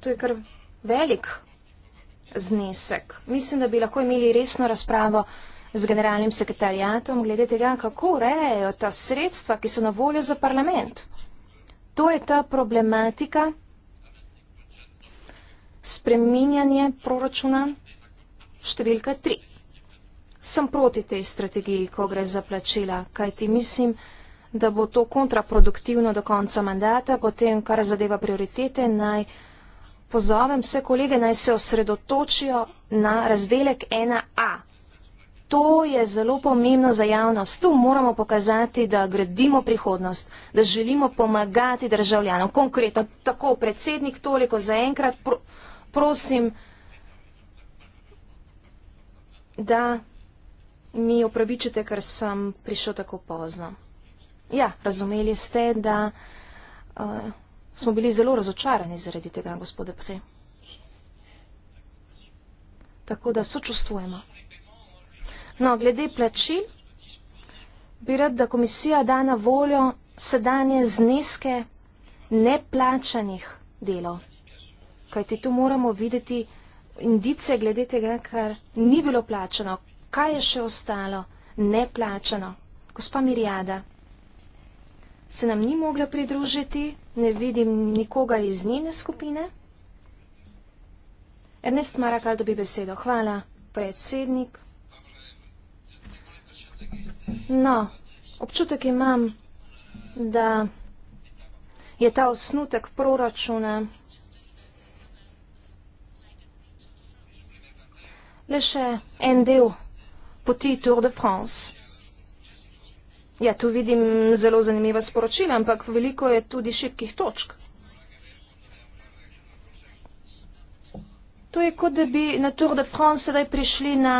To je kar velik znesek. Mislim, da bi lahko imeli resno razpravo z generalnim sekretarjatom glede tega, kako urejajo ta sredstva, ki so na voljo za parlament. To je ta problematika spreminjanje proračuna številka 3 sem proti tej strategiji, ko gre za plačila, kajti mislim, da bo to kontraproduktivno do konca mandata, potem, kar zadeva prioritete, naj pozovem vse kolege, naj se osredotočijo na razdelek 1A. To je zelo pomembno za javnost. Tu moramo pokazati, da gradimo prihodnost, da želimo pomagati državljanom. Konkretno, tako predsednik, toliko zaenkrat, pro, prosim, da mi opravičite, ker sem prišel tako pozno. Ja, razumeli ste, da uh, smo bili zelo razočarani zaradi tega, gospode Pre. Tako da sočustvujemo. No, glede plačil, bi rad, da komisija da na voljo sedanje zneske neplačanih delov. Kajti tu moramo videti indice glede tega, kar ni bilo plačeno, kaj je še ostalo neplačano. Gospa Mirjada, se nam ni mogla pridružiti, ne vidim nikoga iz njene skupine? Ernest Marakal dobi besedo. Hvala, predsednik. No, občutek imam, da je ta osnutek proračuna le še en del poti Tour de France. Ja, tu vidim zelo zanimiva sporočila, ampak veliko je tudi šibkih točk. To je kot, da bi na Tour de France sedaj prišli na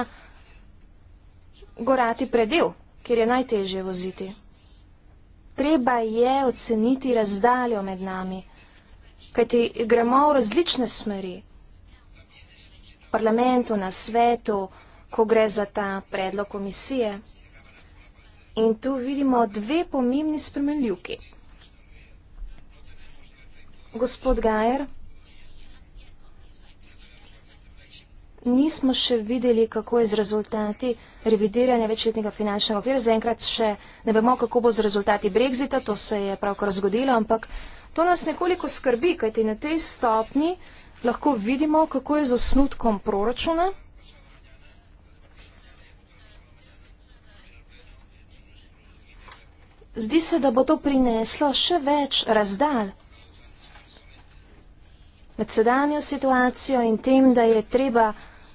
gorati predel, kjer je najtežje voziti. Treba je oceniti razdaljo med nami, kajti gremo v različne smeri. V parlamentu, na svetu, ko gre za ta predlog komisije. In tu vidimo dve pomembni spremenljivki. Gospod Gajer, nismo še videli, kako je z rezultati revidiranja večletnega finančnega okvira. Zaenkrat še ne vemo, kako bo z rezultati Brexita, to se je pravkar zgodilo, ampak to nas nekoliko skrbi, kajti na tej stopni lahko vidimo, kako je z osnutkom proračuna. zdi se, da bo to prineslo še več razdal med sedanjo situacijo in tem, da je treba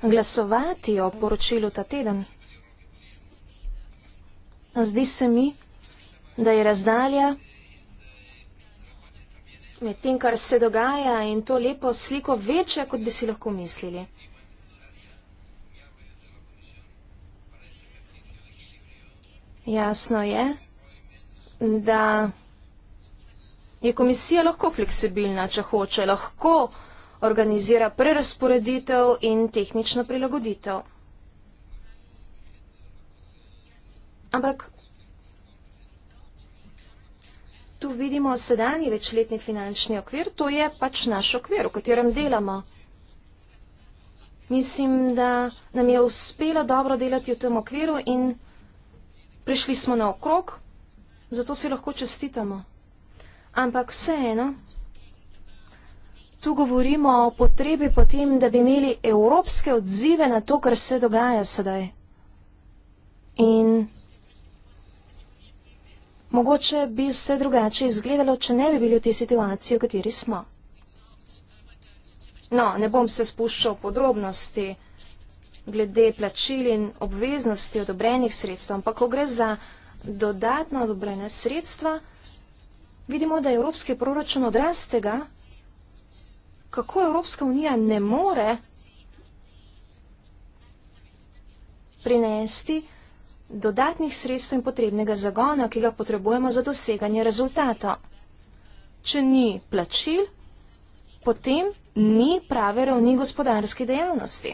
glasovati o poročilu ta teden. Zdi se mi, da je razdalja med tem, kar se dogaja in to lepo sliko večja, kot bi si lahko mislili. Jasno je da je komisija lahko fleksibilna, če hoče, lahko organizira prerasporeditev in tehnično prilagoditev. Ampak tu vidimo sedanji večletni finančni okvir, to je pač naš okvir, v katerem delamo. Mislim, da nam je uspelo dobro delati v tem okviru in prišli smo na okrog, zato si lahko čestitamo. Ampak vseeno, tu govorimo o potrebi potem, da bi imeli evropske odzive na to, kar se dogaja sedaj. In mogoče bi vse drugače izgledalo, če ne bi bili v tej situaciji, v kateri smo. No, ne bom se spuščal podrobnosti glede plačil in obveznosti odobrenih sredstv, ampak ko gre za dodatno odobrene sredstva, vidimo, da je evropski proračun odraz tega, kako Evropska unija ne more prinesti dodatnih sredstv in potrebnega zagona, ki ga potrebujemo za doseganje rezultata. Če ni plačil, potem ni prave ravni gospodarske dejavnosti.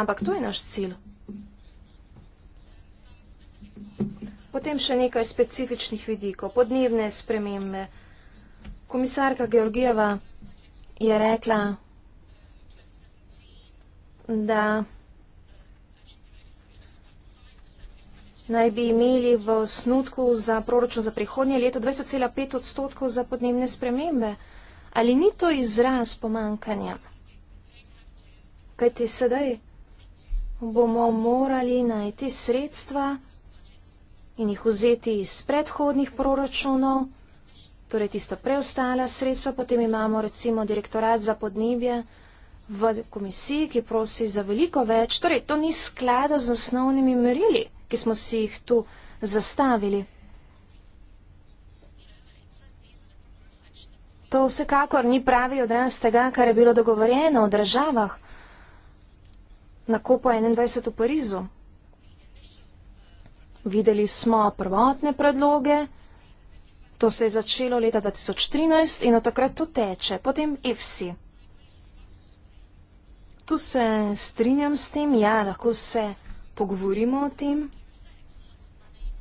Ampak to je naš cilj. Potem še nekaj specifičnih vidikov, podnebne spremembe. Komisarka Georgijeva je rekla, da naj bi imeli v snutku za proračun za prihodnje leto 20,5 odstotkov za podnebne spremembe. Ali ni to izraz pomankanja? Kajti sedaj bomo morali najti sredstva, ki bomo morali najti sredstva, in jih vzeti iz predhodnih proračunov, torej tista preostala sredstva, potem imamo recimo direktorat za podnebje v komisiji, ki prosi za veliko več. Torej, to ni sklada z osnovnimi merili, ki smo si jih tu zastavili. To vsekakor ni pravi odraz tega, kar je bilo dogovorjeno v državah na kopo 21 v Parizu videli smo prvotne predloge, to se je začelo leta 2013 in od takrat to teče, potem EFSI. Tu se strinjam s tem, ja, lahko se pogovorimo o tem,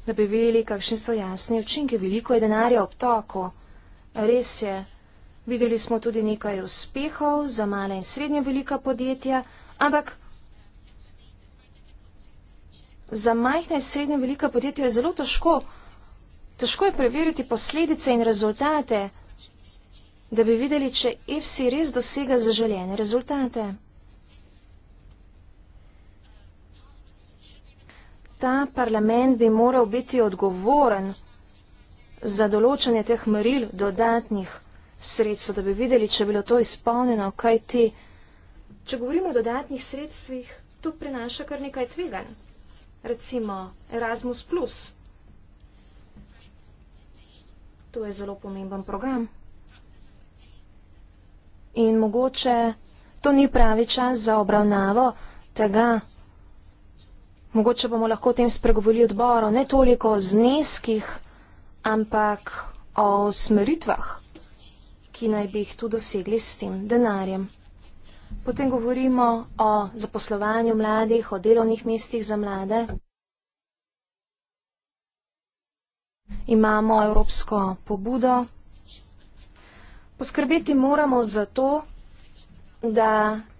da bi videli, kakšni so jasni učinki, veliko je denarja ob toku. Res je, videli smo tudi nekaj uspehov za male in srednje velika podjetja, ampak za majhna in srednja velika podjetja je zelo težko. Težko je preveriti posledice in rezultate, da bi videli, če EFSI res dosega zaželjene rezultate. Ta parlament bi moral biti odgovoren za določanje teh meril dodatnih sredstv, da bi videli, če bilo to izpolnjeno, kaj ti. Če govorimo o dodatnih sredstvih, to prinaša kar nekaj tveganj recimo Erasmus. To je zelo pomemben program. In mogoče to ni pravi čas za obravnavo tega. Mogoče bomo lahko o tem spregovorili odboro, ne toliko o zneskih, ampak o smeritvah, ki naj bi jih tu dosegli s tem denarjem. Potem govorimo o zaposlovanju mladih, o delovnih mestih za mlade. Imamo evropsko pobudo. Poskrbeti moramo za to, da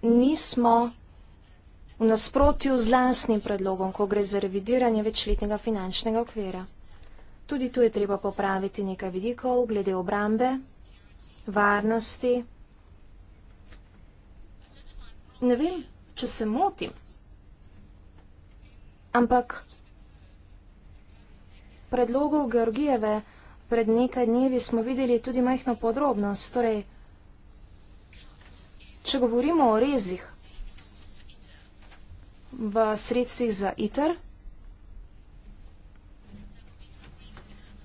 nismo v nasprotju z lastnim predlogom, ko gre za revidiranje večletnega finančnega okvira. Tudi tu je treba popraviti nekaj vidikov glede obrambe, varnosti ne vem, če se motim, ampak predlogov Georgijeve pred nekaj dnevi smo videli tudi majhno podrobnost. Torej, če govorimo o rezih v sredstvih za ITER,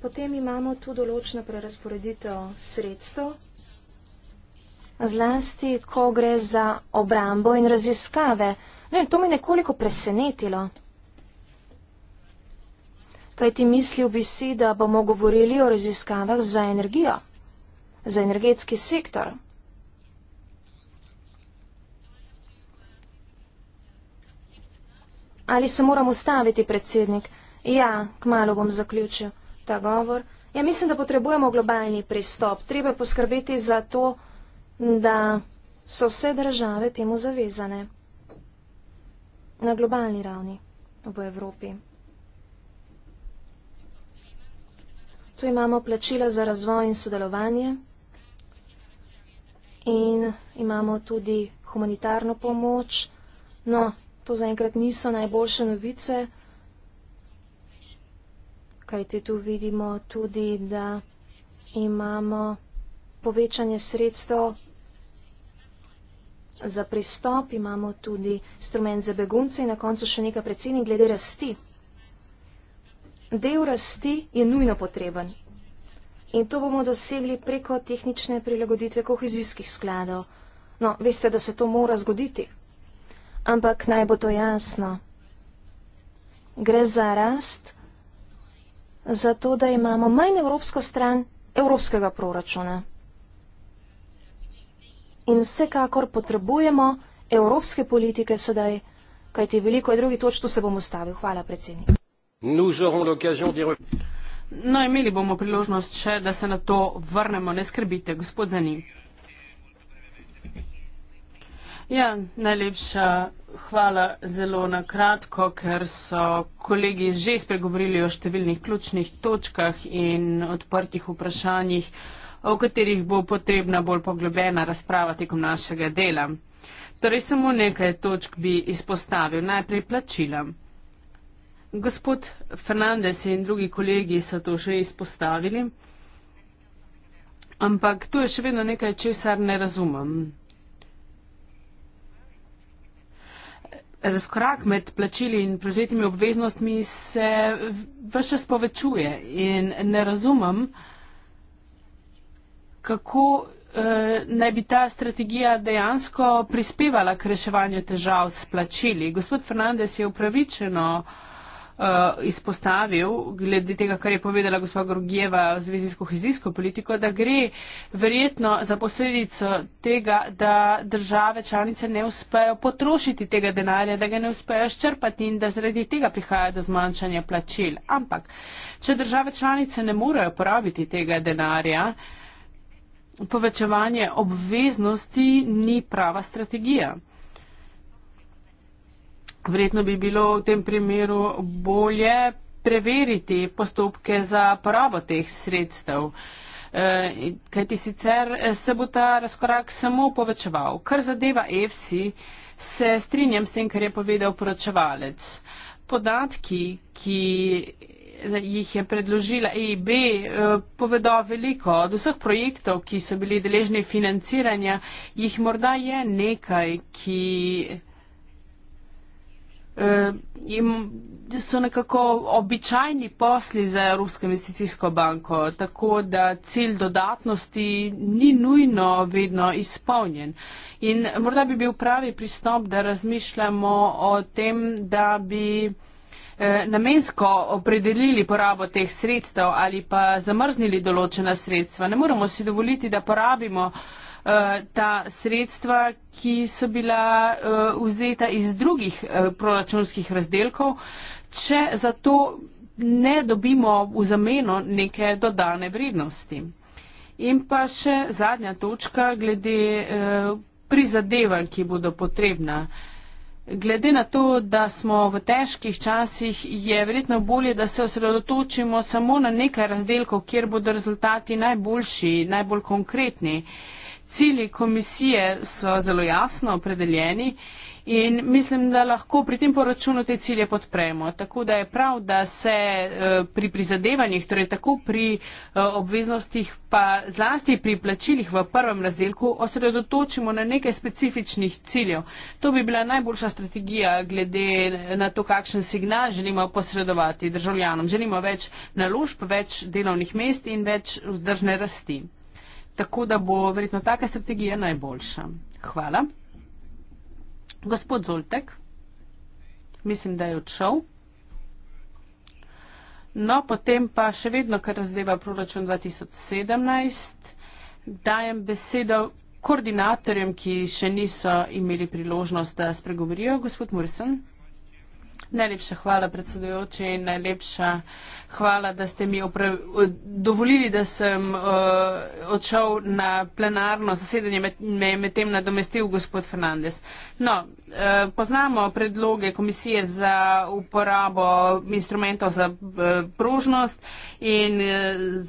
potem imamo tu določno prerasporeditev sredstev zlasti, ko gre za obrambo in raziskave. No in to mi nekoliko presenetilo. Kaj ti mislil bi si, da bomo govorili o raziskavah za energijo, za energetski sektor? Ali se moram ustaviti, predsednik? Ja, kmalo bom zaključil ta govor. Ja, mislim, da potrebujemo globalni pristop. Treba poskrbeti za to, da bomo da so vse države temu zavezane. Na globalni ravni v Evropi. Tu imamo plačila za razvoj in sodelovanje in imamo tudi humanitarno pomoč. No, to zaenkrat niso najboljše novice, kajte tu vidimo tudi, da imamo povečanje sredstev za pristop, imamo tudi instrument za begunce in na koncu še nekaj predsednik glede rasti. Del rasti je nujno potreben in to bomo dosegli preko tehnične prilagoditve kohezijskih skladov. No, veste, da se to mora zgoditi, ampak naj bo to jasno. Gre za rast, zato da imamo manj evropsko stran evropskega proračuna in vsekakor potrebujemo evropske politike sedaj, kajti veliko je drugi točk, tu se bom ustavil. Hvala, predsednik. No, imeli bomo priložnost še, da se na to vrnemo, ne skrbite, gospod za njim. Ja, najlepša hvala zelo na kratko, ker so kolegi že spregovorili o številnih ključnih točkah in odprtih vprašanjih o katerih bo potrebna bolj poglobljena razprava tekom našega dela. Torej samo nekaj točk bi izpostavil. Najprej plačila. Gospod Fernandez in drugi kolegi so to že izpostavili, ampak tu je še vedno nekaj, česar ne razumem. Razkorak med plačili in prevzetimi obveznostmi se vse čas povečuje in ne razumem, kako eh, naj bi ta strategija dejansko prispevala k reševanju težav s plačili. Gospod Fernandez je upravičeno eh, izpostavil, glede tega, kar je povedala gospa Grugjeva v zvezi s kohezijsko politiko, da gre verjetno za posledico tega, da države članice ne uspejo potrošiti tega denarja, da ga ne uspejo ščrpati in da zaradi tega prihaja do zmanjšanja plačil. Ampak, če države članice ne morejo porabiti tega denarja, povečevanje obveznosti ni prava strategija. Vredno bi bilo v tem primeru bolje preveriti postopke za porabo teh sredstev, eh, kajti sicer se bo ta razkorak samo povečeval. Kar zadeva EFSI, se strinjam s tem, kar je povedal poročevalec. Podatki, ki jih je predložila EIB, eh, povedo veliko. Od vseh projektov, ki so bili deležni financiranja, jih morda je nekaj, ki eh, so nekako običajni posli za Evropsko investicijsko banko, tako da cilj dodatnosti ni nujno vedno izpolnjen. In morda bi bil pravi pristop, da razmišljamo o tem, da bi Eh, namensko opredelili porabo teh sredstev ali pa zamrznili določena sredstva. Ne moremo si dovoliti, da porabimo eh, ta sredstva, ki so bila eh, vzeta iz drugih proračunskih razdelkov, če za to ne dobimo v zameno neke dodane vrednosti. In pa še zadnja točka glede prizadevanj, ki bodo potrebna. Glede na to, da smo v težkih časih, je verjetno bolje, da se osredotočimo samo na nekaj razdelkov, kjer bodo rezultati najboljši, najbolj konkretni. Cilji komisije so zelo jasno opredeljeni in mislim, da lahko pri tem poročunu te cilje podpremo. Tako da je prav, da se eh, pri prizadevanjih, torej tako pri eh, obveznostih, pa zlasti pri plačilih v prvem razdelku osredotočimo na nekaj specifičnih ciljev. To bi bila najboljša strategija glede na to, kakšen signal želimo posredovati državljanom. Želimo več naložb, več delovnih mest in več vzdržne rasti. Tako da bo verjetno taka strategija najboljša. Hvala. Gospod Zoltek, mislim, da je odšel. No, potem pa še vedno, kar razdeva proračun 2017, dajem besedo koordinatorjem, ki še niso imeli priložnost, da spregovorijo. Gospod Mursen. Najlepša hvala, predsedujoči, in najlepša hvala, da ste mi dovolili, da sem uh, odšel na plenarno zasedanje, me je med tem nadomestil gospod Fernandez. No, uh, poznamo predloge komisije za uporabo instrumentov za uh, pružnost in uh,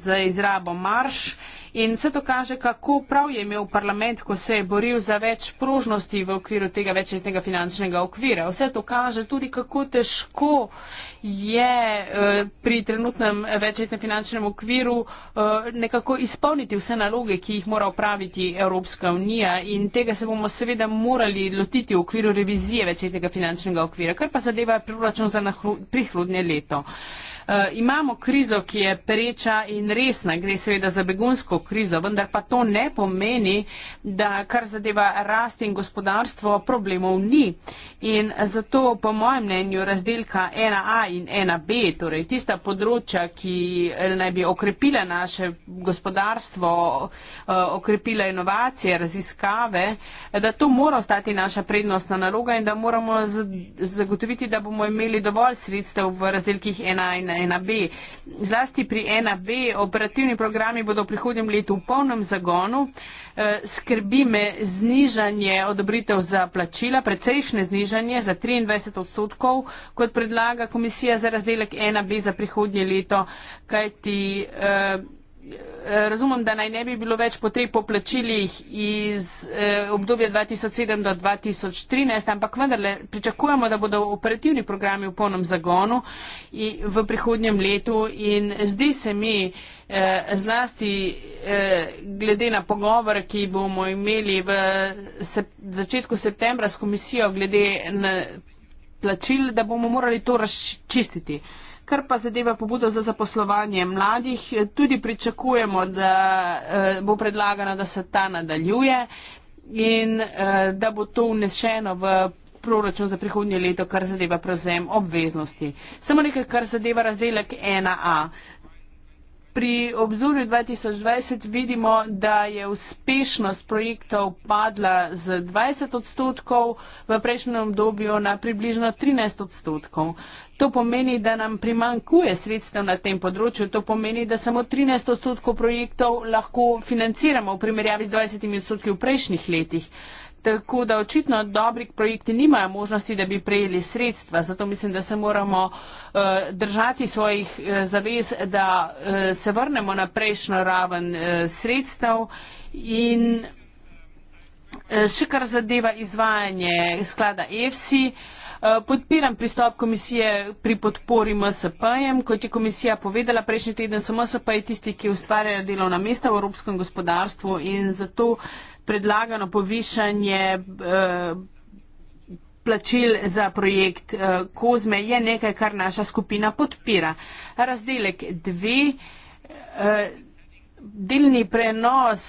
za izrabo marš. Uh, In vse to kaže, kako prav je imel parlament, ko se je boril za več prožnosti v okviru tega večletnega finančnega okvira. Vse to kaže tudi, kako težko je eh, pri trenutnem večletnem finančnem okviru eh, nekako izpolniti vse naloge, ki jih mora upraviti Evropska unija. In tega se bomo seveda morali lotiti v okviru revizije večletnega finančnega okvira, kar pa zadeva proračun za prihodnje leto. Eh, imamo krizo, ki je pereča in resna, gre seveda za begunsko krizo, vendar pa to ne pomeni, da kar zadeva rast in gospodarstvo, problemov ni. In zato po mojem mnenju razdelka 1A in 1B, torej tista področja, ki eh, naj bi okrepila naše gospodarstvo, eh, okrepila inovacije, raziskave, da to mora ostati naša prednostna naloga in da moramo zagotoviti, da bomo imeli dovolj sredstev v razdelkih 1A in 1B. 1B. Zlasti pri 1B operativni programi bodo v prihodnjem letu v polnem zagonu. Eh, skrbi me znižanje odobritev za plačila, precejšnje znižanje za 23 odstotkov, kot predlaga komisija za razdelek 1B za prihodnje leto, kajti eh, Eh, razumem, da naj ne bi bilo več potreb po plačilih iz eh, obdobja 2007 do 2013, ampak vendarle pričakujemo, da bodo operativni programi v polnem zagonu v prihodnjem letu in zdi se mi eh, zlasti eh, glede na pogovor, ki bomo imeli v sep začetku septembra s komisijo glede plačil, da bomo morali to razčistiti. Razč Kar pa zadeva pobudo za zaposlovanje mladih, tudi pričakujemo, da eh, bo predlagana, da se ta nadaljuje in eh, da bo to vnešeno v proračun za prihodnje leto, kar zadeva prevzem obveznosti. Samo nekaj, kar zadeva razdelek 1a pri obzorju 2020 vidimo, da je uspešnost projektov padla z 20 odstotkov v prejšnjem obdobju na približno 13 odstotkov. To pomeni, da nam primankuje sredstev na tem področju, to pomeni, da samo 13 odstotkov projektov lahko financiramo v primerjavi z 20 odstotki v prejšnjih letih. Tako da očitno dobri projekti nimajo možnosti, da bi prejeli sredstva. Zato mislim, da se moramo eh, držati svojih eh, zavez, da eh, se vrnemo na prejšnjo raven sredstev in še kar zadeva izvajanje sklada EFSI. Podpiram pristop komisije pri podpori MSP-jem. Kot je komisija povedala prejšnji teden, so MSP-ji tisti, ki ustvarjajo delovna mesta v evropskem gospodarstvu in zato predlagano povišanje eh, plačil za projekt eh, Kozme je nekaj, kar naša skupina podpira. Razdelek dve, eh, delni prenos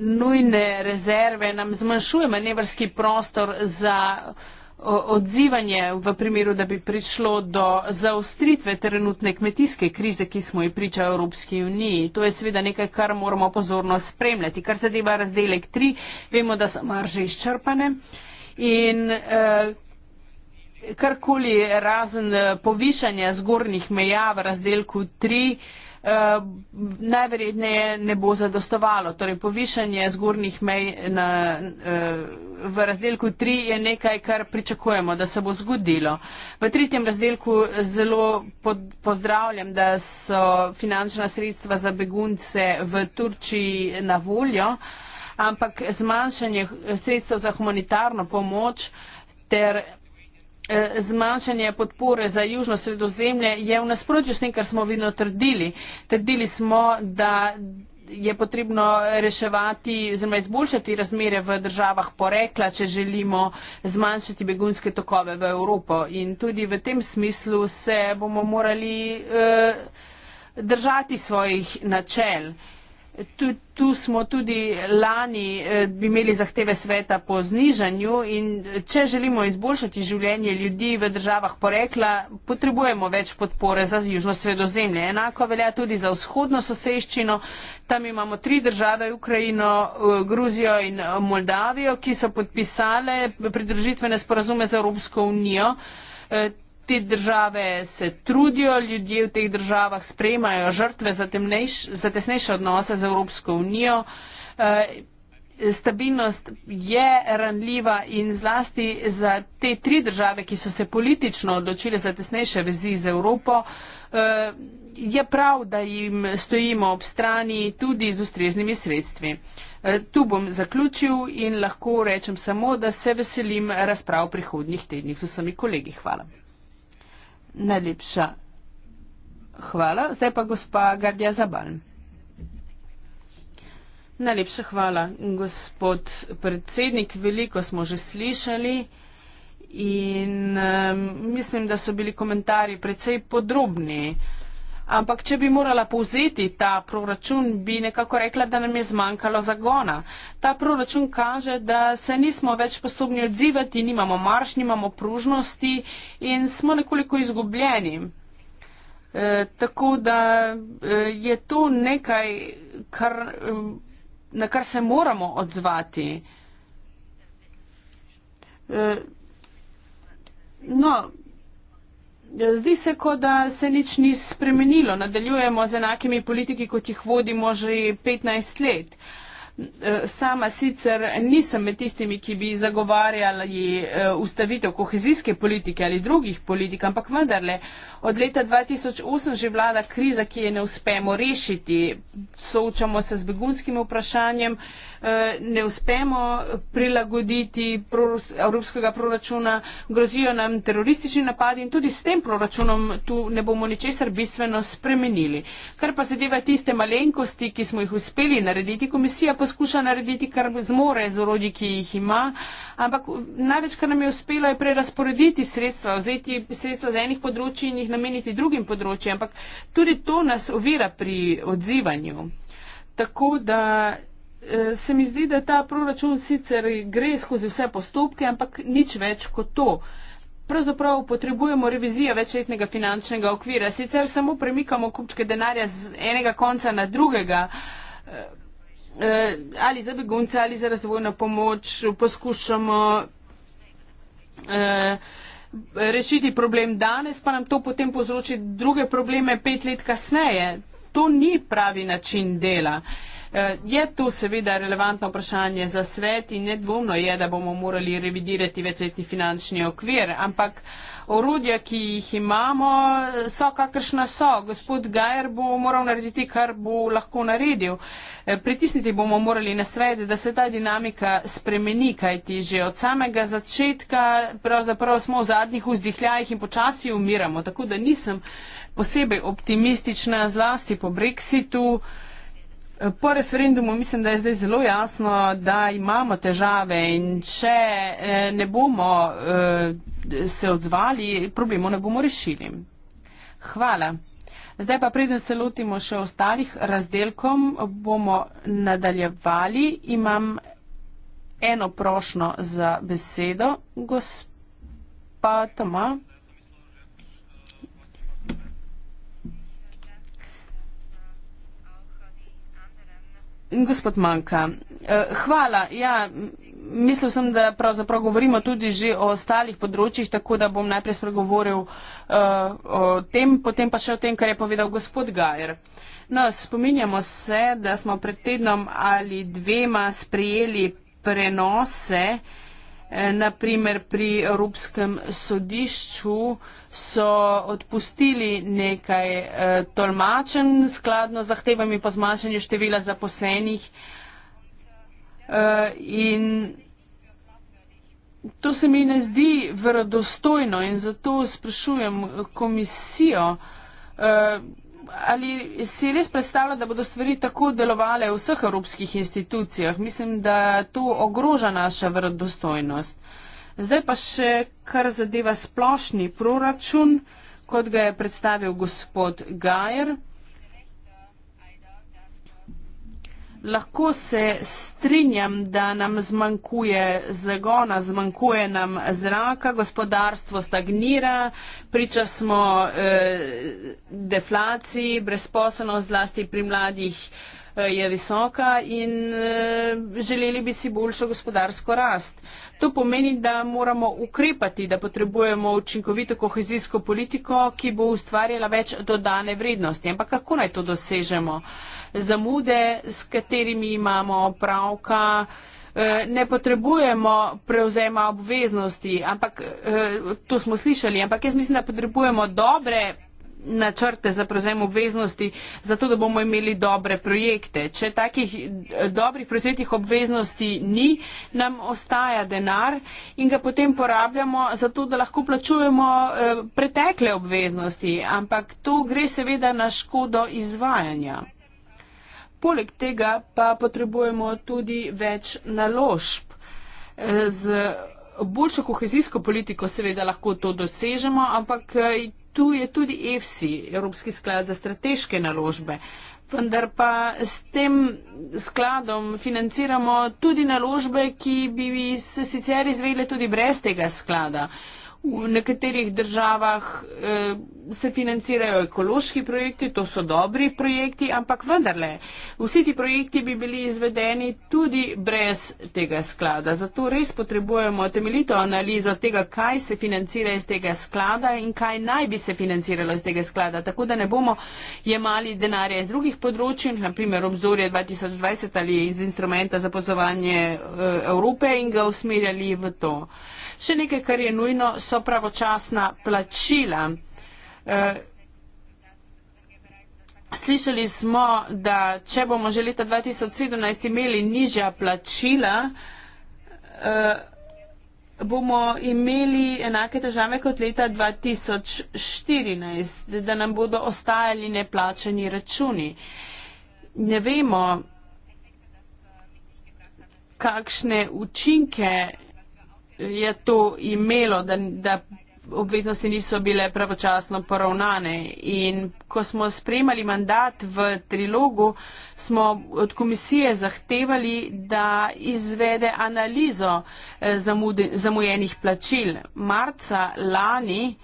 nujne rezerve nam zmanjšuje manevrski prostor za projekt odzivanje v primeru, da bi prišlo do zaostritve trenutne kmetijske krize, ki smo ji priča Evropski uniji. To je seveda nekaj, kar moramo pozorno spremljati. Kar zadeva razdelek 3, vemo, da so marže izčrpane. In, eh, Karkoli razen eh, povišanja zgornjih meja v razdelku 3 eh, Eh, najverjetneje ne bo zadostovalo. Torej, povišanje zgornjih mej na, eh, v razdelku 3 je nekaj, kar pričakujemo, da se bo zgodilo. V tretjem razdelku zelo pod, pozdravljam, da so finančna sredstva za begunce v Turčiji na voljo, ampak zmanjšanje sredstev za humanitarno pomoč ter Eh, zmanjšanje podpore za južno sredozemlje je v nasprotju s tem, kar smo vedno trdili. Trdili smo, da je potrebno reševati oziroma izboljšati razmere v državah porekla, če želimo zmanjšati begunske tokove v Evropo. In tudi v tem smislu se bomo morali uh, držati svojih načel. Uh, Tu, tu smo tudi lani eh, imeli zahteve sveta po znižanju in eh, če želimo izboljšati življenje ljudi v državah porekla, potrebujemo več podpore za južno sredozemlje. Enako velja tudi za vzhodno soseščino. Tam imamo tri države, Ukrajino, eh, Gruzijo in eh, Moldavijo, ki so podpisale pridružitvene sporazume z Evropsko unijo. Eh, te države, se trudijo ljudje v teh državah, sprejmajo žrtve za, temnejš, za tesnejše odnose z Evropsko unijo. Eh, stabilnost je ranljiva in zlasti za te tri države, ki so se politično odločile za tesnejše vezi z Evropo, eh, je prav, da jim stojimo ob strani tudi z ustreznimi sredstvi. Eh, tu bom zaključil in lahko rečem samo, da se veselim razprav v prihodnjih tednih z vsemi kolegi. Hvala. Najlepša hvala. Zdaj pa gospa Gardja Zabalm. Najlepša hvala, gospod predsednik. Veliko smo že slišali in um, mislim, da so bili komentarji precej podrobni. Ampak, če bi morala povzeti ta proračun, bi nekako rekla, da nam je zmanjkalo zagona. Ta proračun kaže, da se nismo več sposobni odzivati, nimamo marš, nimamo pružnosti in smo nekoliko izgubljeni. E, tako da e, je to nekaj, kar, e, na kar se moramo odzvati. E, no, Zdi se, kot da se nič ni spremenilo. Nadaljujemo z enakimi politiki, kot jih vodimo že 15 let. Uh, Eh, sama sicer nisem med tistimi, ki bi zagovarjali eh, ustavitev kohezijske politike ali drugih politik, ampak vendarle od leta 2008 že vlada kriza, ki je ne uspemo rešiti. Soočamo se z begunskim vprašanjem, eh, ne uspemo prilagoditi evropskega proračuna, grozijo nam teroristični napadi in tudi s tem proračunom tu ne bomo ničesar bistveno spremenili. Kar pa zadeva tiste malenkosti, ki smo jih uspeli narediti, komisija poskuša narediti, kar zmore z orodji, ki jih ima, ampak največ, kar nam je uspelo, je prerasporediti sredstva, vzeti sredstva z enih področji in jih nameniti drugim področjem, ampak tudi to nas ovira pri odzivanju. Tako da eh, se mi zdi, da ta proračun sicer gre skozi vse postopke, ampak nič več kot to. Pravzaprav potrebujemo revizijo večletnega finančnega okvira. Sicer samo premikamo kupčke denarja z enega konca na drugega, eh, eh, ali za begunce ali za razvojno pomoč poskušamo eh, rešiti problem danes, pa nam to potem povzroči druge probleme pet let kasneje. To ni pravi način dela. Eh, Eh, je to seveda relevantno vprašanje za svet in nedvomno je, da bomo morali revidirati večletni finančni okvir, ampak orodja, ki jih imamo, so kakršna so. Gospod Gajer bo moral narediti, kar bo lahko naredil. Eh, pritisniti bomo morali na svet, da se ta dinamika spremeni, kajti že od samega začetka pravzaprav smo v zadnjih vzdihljajih in počasi umiramo, tako da nisem posebej optimistična zlasti po Brexitu. Po referendumu mislim, da je zdaj zelo jasno, da imamo težave in če eh, ne bomo eh, se odzvali, problemo ne bomo rešili. Hvala. Zdaj pa preden se lotimo še ostalih razdelkom, bomo nadaljevali. Imam eno prošno za besedo, gospa Toma. Gospod Manka, eh, hvala. Ja, mislil sem, da pravzaprav govorimo tudi že o ostalih področjih, tako da bom najprej spregovoril eh, o tem, potem pa še o tem, kar je povedal gospod Gajer. No, spominjamo se, da smo pred tednom ali dvema sprejeli prenose, eh, naprimer pri Evropskem sodišču, so odpustili nekaj eh, tolmačen skladno zahtevami po zmanjšanju števila zaposlenih eh, in to se mi ne zdi verodostojno in zato sprašujem komisijo, eh, ali si res predstavlja, da bodo stvari tako delovale v vseh evropskih institucijah. Mislim, da to ogroža naša verodostojnost. Zdaj pa še, kar zadeva splošni proračun, kot ga je predstavil gospod Gajer. Lahko se strinjam, da nam zmanjkuje zagona, zmanjkuje nam zraka, gospodarstvo stagnira, priča smo eh, deflaciji, brezposobnost zlasti pri mladih eh, Eh, je visoka in eh, želeli bi si boljšo gospodarsko rast. To pomeni, da moramo ukrepati, da potrebujemo učinkovito kohezijsko politiko, ki bo ustvarjala več dodane vrednosti. Ampak kako naj to dosežemo? Zamude, s katerimi imamo opravka, eh, ne potrebujemo prevzema obveznosti, ampak to smo slišali, ampak jaz mislim, da potrebujemo dobre načrte za prevzem obveznosti, zato da bomo imeli dobre projekte. Če takih eh, dobrih prevzetih obveznosti ni, nam ostaja denar in ga potem porabljamo zato, da lahko plačujemo eh, pretekle obveznosti, ampak to gre seveda na škodo izvajanja. Poleg tega pa potrebujemo tudi več naložb. Eh, z boljšo kohezijsko politiko seveda lahko to dosežemo, ampak Tu je tudi EFSI, Evropski sklad za strateške naložbe vendar pa s tem skladom financiramo tudi naložbe, ki bi se sicer izvedle tudi brez tega sklada. V nekaterih državah eh, se financirajo ekološki projekti, to so dobri projekti, ampak vendarle, vsi ti projekti bi bili izvedeni tudi brez tega sklada. Zato res potrebujemo temeljito analizo tega, kaj se financira iz tega sklada in kaj naj bi se financiralo iz tega sklada, tako da ne bomo jemali denarja iz drugih področju, naprimer obzorje 2020 ali iz instrumenta za pozovanje e, Evrope in ga usmerjali v to. Še nekaj, kar je nujno, so pravočasna plačila. E, slišali smo, da če bomo že leta 2017 imeli nižja plačila, e, bomo imeli enake težave kot leta 2014, da nam bodo ostajali neplačeni računi. Ne vemo, kakšne učinke je to imelo, da, da obveznosti niso bile pravočasno poravnane. In ko smo spremali mandat v trilogu, smo od komisije zahtevali, da izvede analizo eh, zamujenih plačil. Marca lani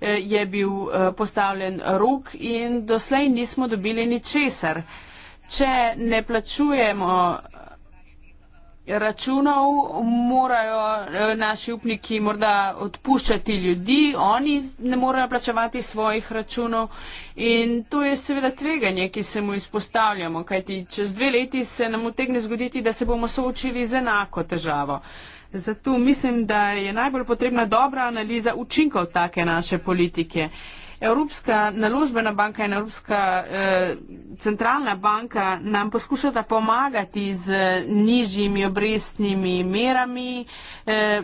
eh, je bil eh, postavljen rok in doslej nismo dobili ničesar. Če ne plačujemo računov morajo eh, naši upniki morda odpuščati ljudi, oni ne morejo plačevati svojih računov in to je seveda tveganje, ki se mu izpostavljamo, kajti čez dve leti se nam utegne zgoditi, da se bomo soočili z enako težavo. Zato mislim, da je najbolj potrebna dobra analiza učinkov take naše politike. Evropska naložbena banka in Evropska eh, centralna banka nam poskušata pomagati z nižjimi obrestnimi merami, eh,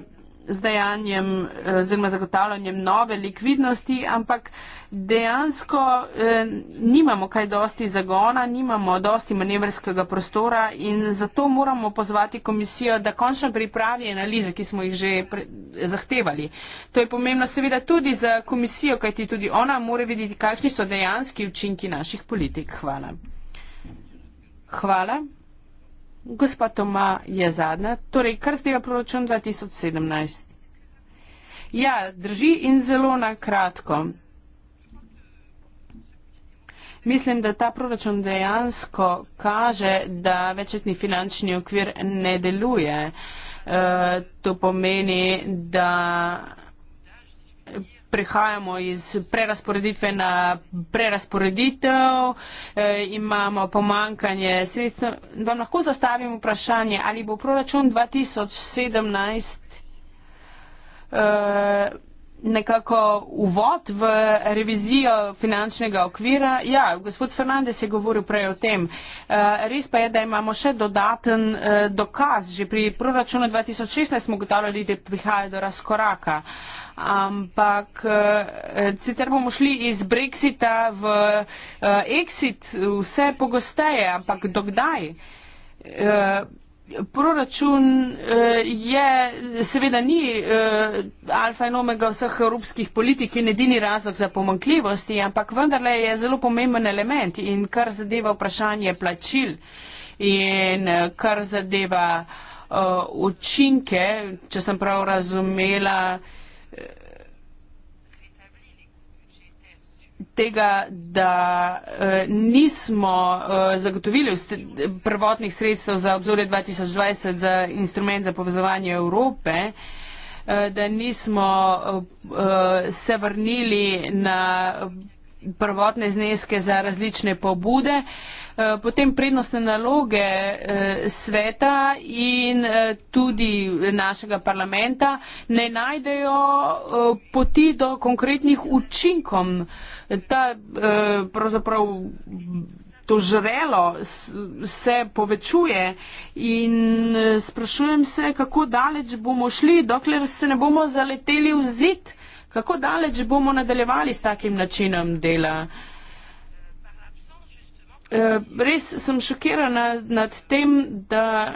z dajanjem eh, oziroma eh, zagotavljanjem nove likvidnosti, ampak eh, dejansko eh, nimamo kaj dosti zagona, nimamo dosti manevrskega prostora in zato moramo pozvati komisijo, da končno pripravi analize, ki smo jih že zahtevali. To je pomembno seveda tudi za komisijo, kajti tudi ona mora videti, kakšni so dejanski učinki naših politik. Hvala. Hvala. Gospa Toma je zadnja. Torej, kar zdaj proračun 2017. Ja, drži in zelo na kratko. Mislim, da ta proračun dejansko kaže, da večetni finančni okvir ne deluje. E, to pomeni, da prihajamo iz prerasporeditve na prerasporeditev, e, imamo pomankanje sredstev. Vam lahko zastavim vprašanje, ali bo proračun 2017. E, eh, nekako uvod v revizijo finančnega okvira. Ja, gospod Fernandez je govoril prej o tem. Eh, res pa je, da imamo še dodaten eh, dokaz. Že pri proračunu 2016 smo gotovili, da prihaja do razkoraka. Ampak eh, sicer bomo šli iz Brexita v exit vse pogosteje, ampak dokdaj? Proračun eh, je, seveda ni eh, alfa in omega vseh evropskih politik in edini razlog za pomankljivosti, ampak vendarle je zelo pomemben element in kar zadeva vprašanje plačil in eh, kar zadeva učinke, če sem prav razumela, tega, da uh, nismo uh, zagotovili prvotnih sredstev za obzore 2020 za instrument za povezovanje Evrope, uh, da nismo uh, se vrnili na prvotne zneske za različne pobude, potem prednostne naloge sveta in tudi našega parlamenta ne najdejo poti do konkretnih učinkov ta eh, pravzaprav to žrelo se povečuje in eh, sprašujem se, kako daleč bomo šli, dokler se ne bomo zaleteli v zid, kako daleč bomo nadaljevali s takim načinom dela. Eh, res sem šokirana nad tem, da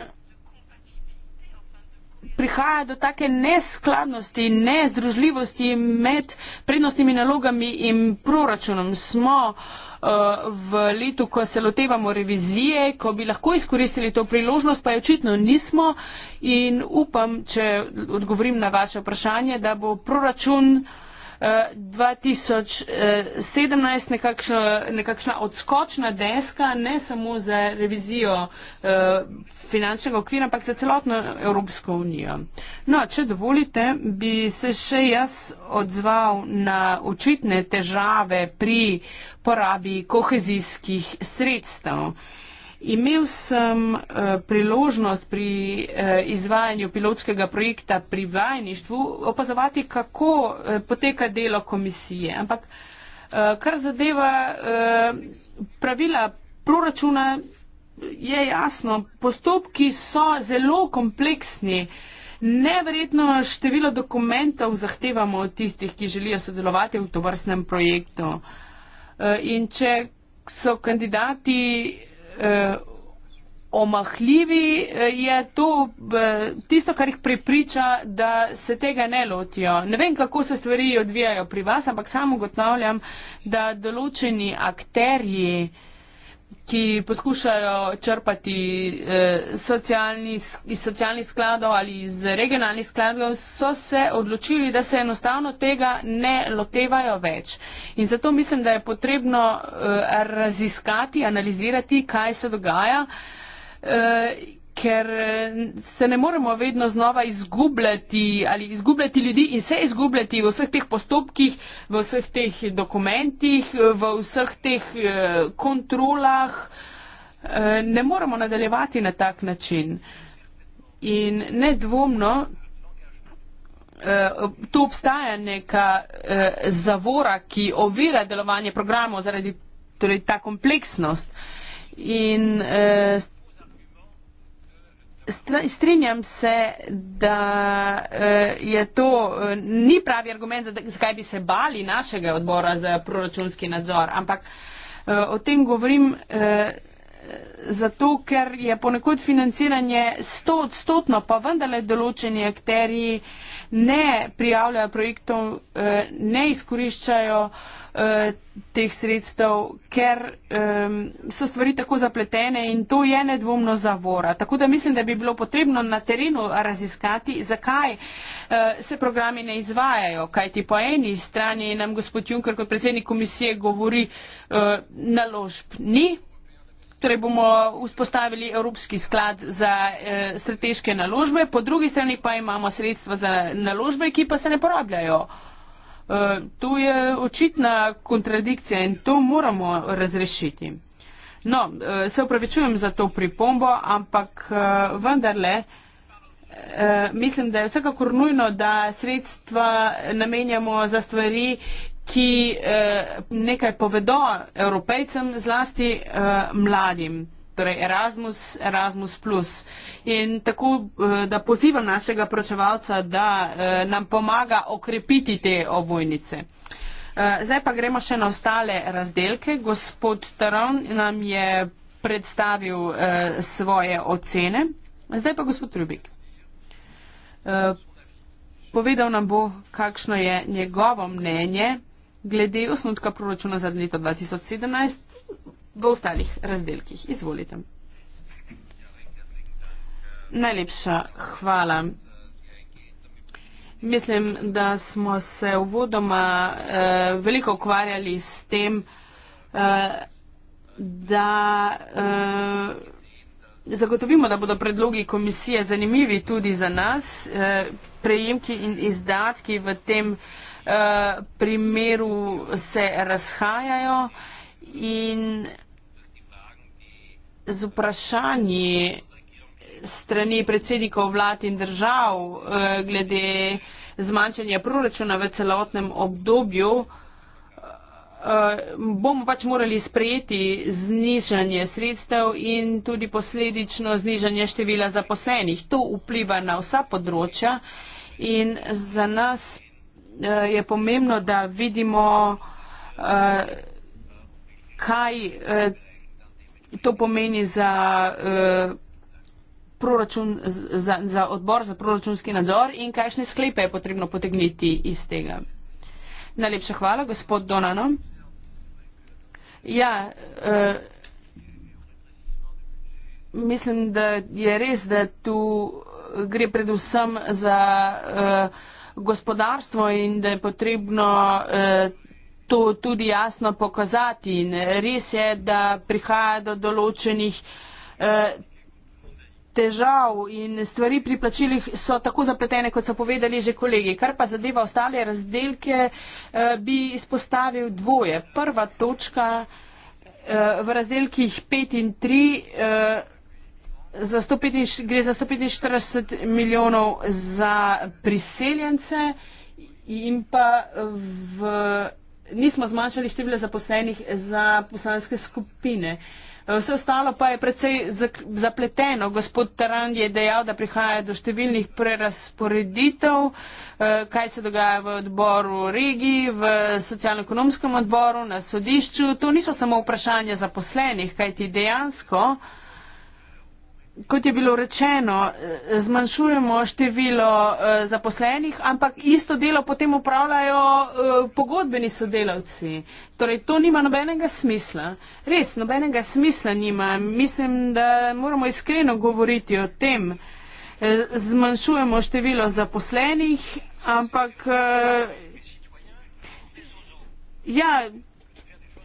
prihaja do take neskladnosti, nezdružljivosti med prednostnimi nalogami in proračunom. Smo eh, v letu, ko se lotevamo revizije, ko bi lahko izkoristili to priložnost, pa je očitno nismo in upam, če odgovorim na vaše vprašanje, da bo proračun 2017 eh, nekakšna, nekakšna odskočna deska, ne samo za revizijo eh, finančnega okvira, ampak za celotno Evropsko unijo. No, če dovolite, bi se še jaz odzval na očitne težave pri porabi kohezijskih sredstev. Imel sem eh, priložnost pri eh, izvajanju pilotskega projekta pri vajništvu opazovati, kako eh, poteka delo komisije. Ampak kar zadeva pravila proračuna, je jasno, postopki so zelo kompleksni. Neverjetno število dokumentov zahtevamo od tistih, ki želijo sodelovati v tovrstnem projektu. In če so kandidati eh, omahljivi, eh, je to eh, tisto, kar jih prepriča, da se tega ne lotijo. Ne vem, kako se stvari odvijajo pri vas, ampak samo gotovljam, da določeni akterji eh, ki poskušajo črpati eh, socialni, iz socialnih skladov ali iz regionalnih skladov, so se odločili, da se enostavno tega ne lotevajo več. In zato mislim, da je potrebno eh, raziskati, analizirati, kaj se dogaja. Eh, ker eh, se ne moremo vedno znova izgubljati ali izgubljati ljudi in se izgubljati v vseh teh postopkih, v vseh teh dokumentih, v vseh teh eh, kontrolah. Eh, ne moremo nadaljevati na tak način. In nedvomno, tu obstaja neka zavora, ki ovira delovanje programov zaradi torej, ta kompleksnost. In strinjam se, da uh, je to uh, ni pravi argument, zakaj bi se bali našega odbora za proračunski nadzor, ampak uh, o tem govorim uh, zato, ker je ponekod financiranje sto odstotno, pa vendarle določeni akteri uh, ne prijavljajo projektov, eh, ne izkoriščajo eh, teh sredstev, ker so stvari tako zapletene in to je nedvomno zavora. Tako da mislim, da bi bilo potrebno na terenu raziskati, zakaj eh, se programi ne izvajajo. Kaj ti po eni strani nam gospod Juncker kot predsednik komisije govori, naložb ni, torej bomo vzpostavili Evropski sklad za eh, strateške naložbe, po drugi strani pa imamo sredstva za naložbe, ki pa se ne porabljajo. Eh, tu je očitna kontradikcija in to moramo razrešiti. No, eh, se upravičujem za to pripombo, ampak eh, vendarle. Eh, mislim, da je vsekakor nujno, da sredstva namenjamo za stvari, ki eh, nekaj povedo evropejcem, zlasti eh, mladim. Torej Erasmus, Erasmus. Plus. In tako, eh, da pozivam našega pročevalca, da eh, nam pomaga okrepiti te ovojnice. Eh, zdaj pa gremo še na ostale razdelke. Gospod Taron nam je predstavil svoje ocene. Zdaj pa gospod Rubik. Povedal nam bo, kakšno je njegovo mnenje glede osnutka proračuna za leto 2017 v ostalih razdelkih. Izvolite. Najlepša hvala. Mislim, da smo se v vodoma eh, veliko ukvarjali s tem, eh, da eh, Zagotovimo, da bodo predlogi komisije zanimivi tudi za nas. Eh, prejemki in izdatki v tem eh, primeru se razhajajo in z vprašanji strani predsednikov vlad in držav eh, glede zmanjšanja proračuna v celotnem obdobju. Eh, bomo pač morali sprejeti znižanje sredstev in tudi posledično znižanje števila zaposlenih. To vpliva na vsa področja in za nas eh, je pomembno, da vidimo, eh, kaj to pomeni za proračun, za, za odbor, za proračunski nadzor in kakšne sklepe je potrebno potegniti iz tega. Najlepša hvala, gospod Donano. Ja, eh, mislim, da je res, da tu gre predvsem za eh, gospodarstvo in da je potrebno eh, to tudi jasno pokazati. In res je, da prihaja do določenih težav in stvari pri plačilih so tako zapletene, kot so povedali že kolegi. Kar pa zadeva ostale razdelke, eh, bi izpostavil dvoje. Prva točka eh, v razdelkih 5 in 3 eh, za 150, gre za 145 milijonov za priseljence in pa v, nismo zmanjšali števila zaposlenih za poslanske skupine. Uh, Eh, vse ostalo pa je predvsej zapleteno. Gospod Tarand je dejal, da prihaja do številnih prerasporeditev, eh, kaj se dogaja v odboru Rigi, v socialno-ekonomskem odboru, na sodišču. To niso samo vprašanja zaposlenih, kajti dejansko kot je bilo rečeno, eh, zmanjšujemo število eh, zaposlenih, ampak isto delo potem upravljajo eh, pogodbeni sodelavci. Torej, to nima nobenega smisla. Res, nobenega smisla nima. Mislim, da moramo iskreno govoriti o tem. Zmanjšujemo število zaposlenih, ampak. Ja,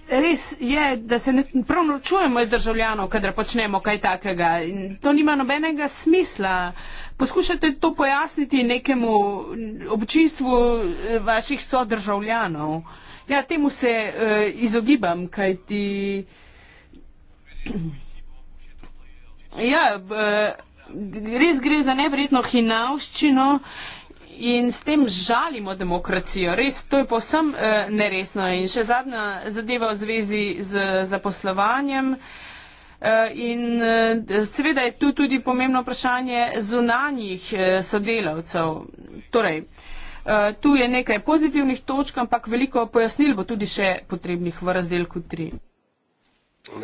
res je, da se ne pronočujemo iz državljanov, kadar počnemo kaj takega. In to nima nobenega smisla. Poskušajte to pojasniti nekemu občinstvu eh, vaših sodržavljanov. Ja, temu se uh, izogibam, kaj ti. (clears throat) Ja, uh, res gre za nevredno hinavščino in s tem žalimo demokracijo. Res, to je posem eh, neresno. In še zadnja zadeva v zvezi z zaposlovanjem. Eh, in eh, seveda je tu tudi pomembno vprašanje zunanjih eh, sodelavcev. Torej, eh, tu je nekaj pozitivnih točk, ampak veliko pojasnil bo tudi še potrebnih v razdelku 3. Uh,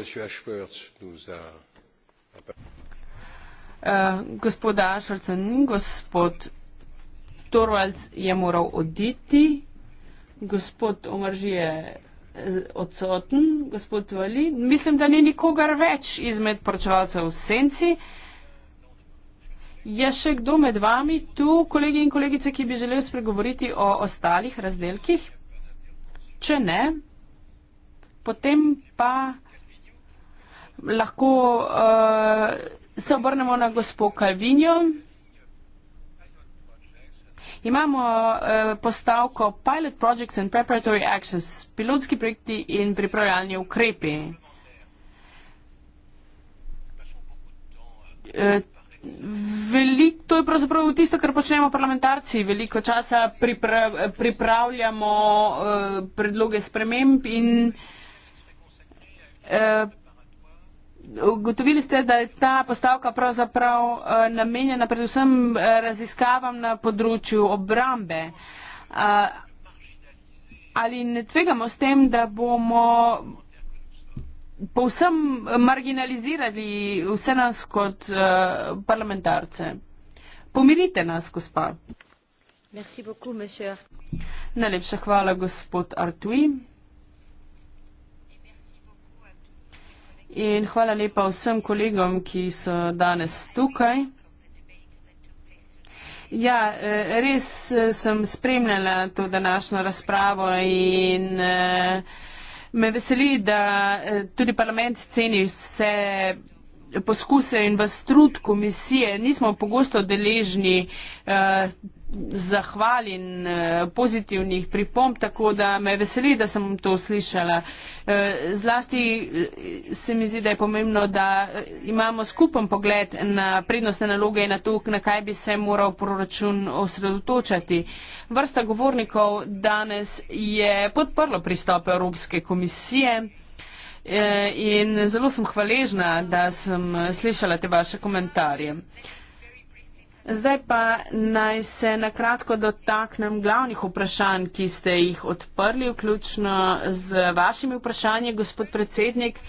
eh, gospoda Ašvrca, ni gospod Torvalds je moral oditi, gospod Omrži je odsoten, gospod Vali, mislim, da ni nikogar več izmed poročevalcev v senci. Je še kdo med vami tu, kolegi in kolegice, ki bi želel spregovoriti o ostalih razdelkih? Če ne, potem pa lahko uh, se obrnemo na gospod Kalvinjo. Imamo eh, postavko Pilot Projects and Preparatory Actions, pilotski projekti in pripravljalni ukrepi. Eh, Veliko, to je pravzaprav tisto, kar počnemo parlamentarci. Veliko časa pripra, pripravljamo uh, predloge sprememb in uh, Ugotovili ste, da je ta postavka pravzaprav eh, namenjena predvsem eh, raziskavam na področju obrambe. Eh, ali ne tvegamo s tem, da bomo povsem marginalizirali vse nas kot parlamentarce? Pomirite nas, gospa. Najlepša hvala, gospod Artui. In hvala lepa vsem kolegom, ki so danes tukaj. Ja, eh, res eh, sem spremljala to današnjo razpravo in eh, me veseli, da tudi parlament ceni vse poskuse in vas trud komisije. Nismo pogosto deležni zahval in eh, pozitivnih pripomb, tako da me veseli, da sem to slišala. Eh, zlasti eh, se mi zdi, da je pomembno, da imamo skupen pogled na prednostne naloge in na to, na kaj bi se moral proračun osredotočati. Vrsta govornikov danes je podprlo pristope Evropske komisije. In zelo sem hvaležna, da sem slišala te vaše komentarje. Uh, Zdaj pa naj se nakratko dotaknem glavnih vprašanj, ki ste jih odprli, vključno z vašimi vprašanji, gospod predsednik.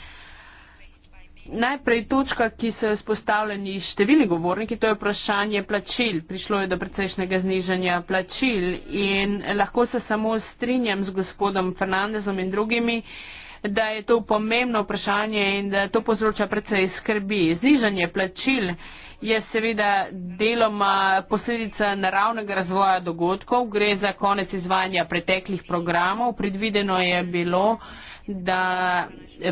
Najprej točka, ki so jo spostavljeni številni govorniki, to je vprašanje plačil. Prišlo je do precejšnjega znižanja plačil in lahko se samo strinjam z gospodom Fernandezom in drugimi, uh, da je to pomembno vprašanje in da to povzroča predvsej skrbi. Znižanje plačil je seveda deloma posledica naravnega razvoja dogodkov, gre za konec izvajanja preteklih programov. Predvideno je bilo, da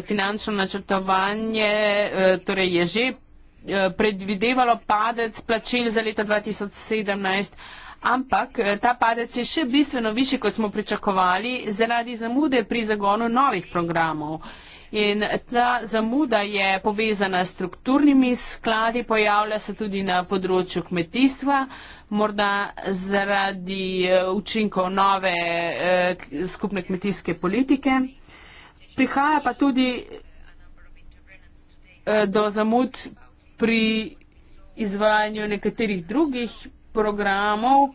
finančno načrtovanje eh, torej je že eh, predvidevalo padec plačil za leto 2017 ampak eh, ta padec je še bistveno višji, kot smo pričakovali, zaradi zamude pri zagonu novih programov. In ta zamuda je povezana s strukturnimi skladi, pojavlja se tudi na področju kmetijstva, morda zaradi eh, učinkov nove eh, skupne kmetijske politike. Prihaja pa tudi eh, do zamud pri izvajanju nekaterih drugih programov,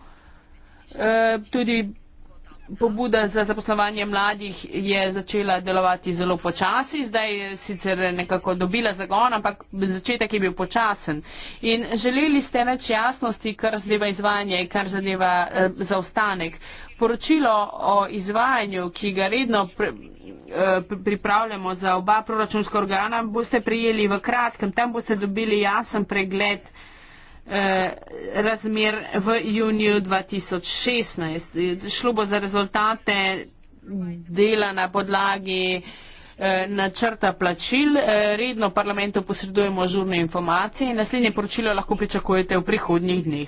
eh, tudi pobuda za zaposlovanje mladih je začela delovati zelo počasi, zdaj je sicer nekako dobila zagon, ampak začetek je bil počasen. In želeli ste več jasnosti, kar zadeva izvajanje, kar zadeva eh, zaostanek. Poročilo o izvajanju, ki ga redno eh, pripravljamo za oba proračunska organa, boste prijeli v kratkem, tam boste dobili jasen pregled Eh, razmer v juniju 2016. Šlo bo za rezultate dela na podlagi eh, načrta plačil. Eh, redno parlamentu posredujemo žurne informacije in naslednje poročilo lahko pričakujete v prihodnjih dneh.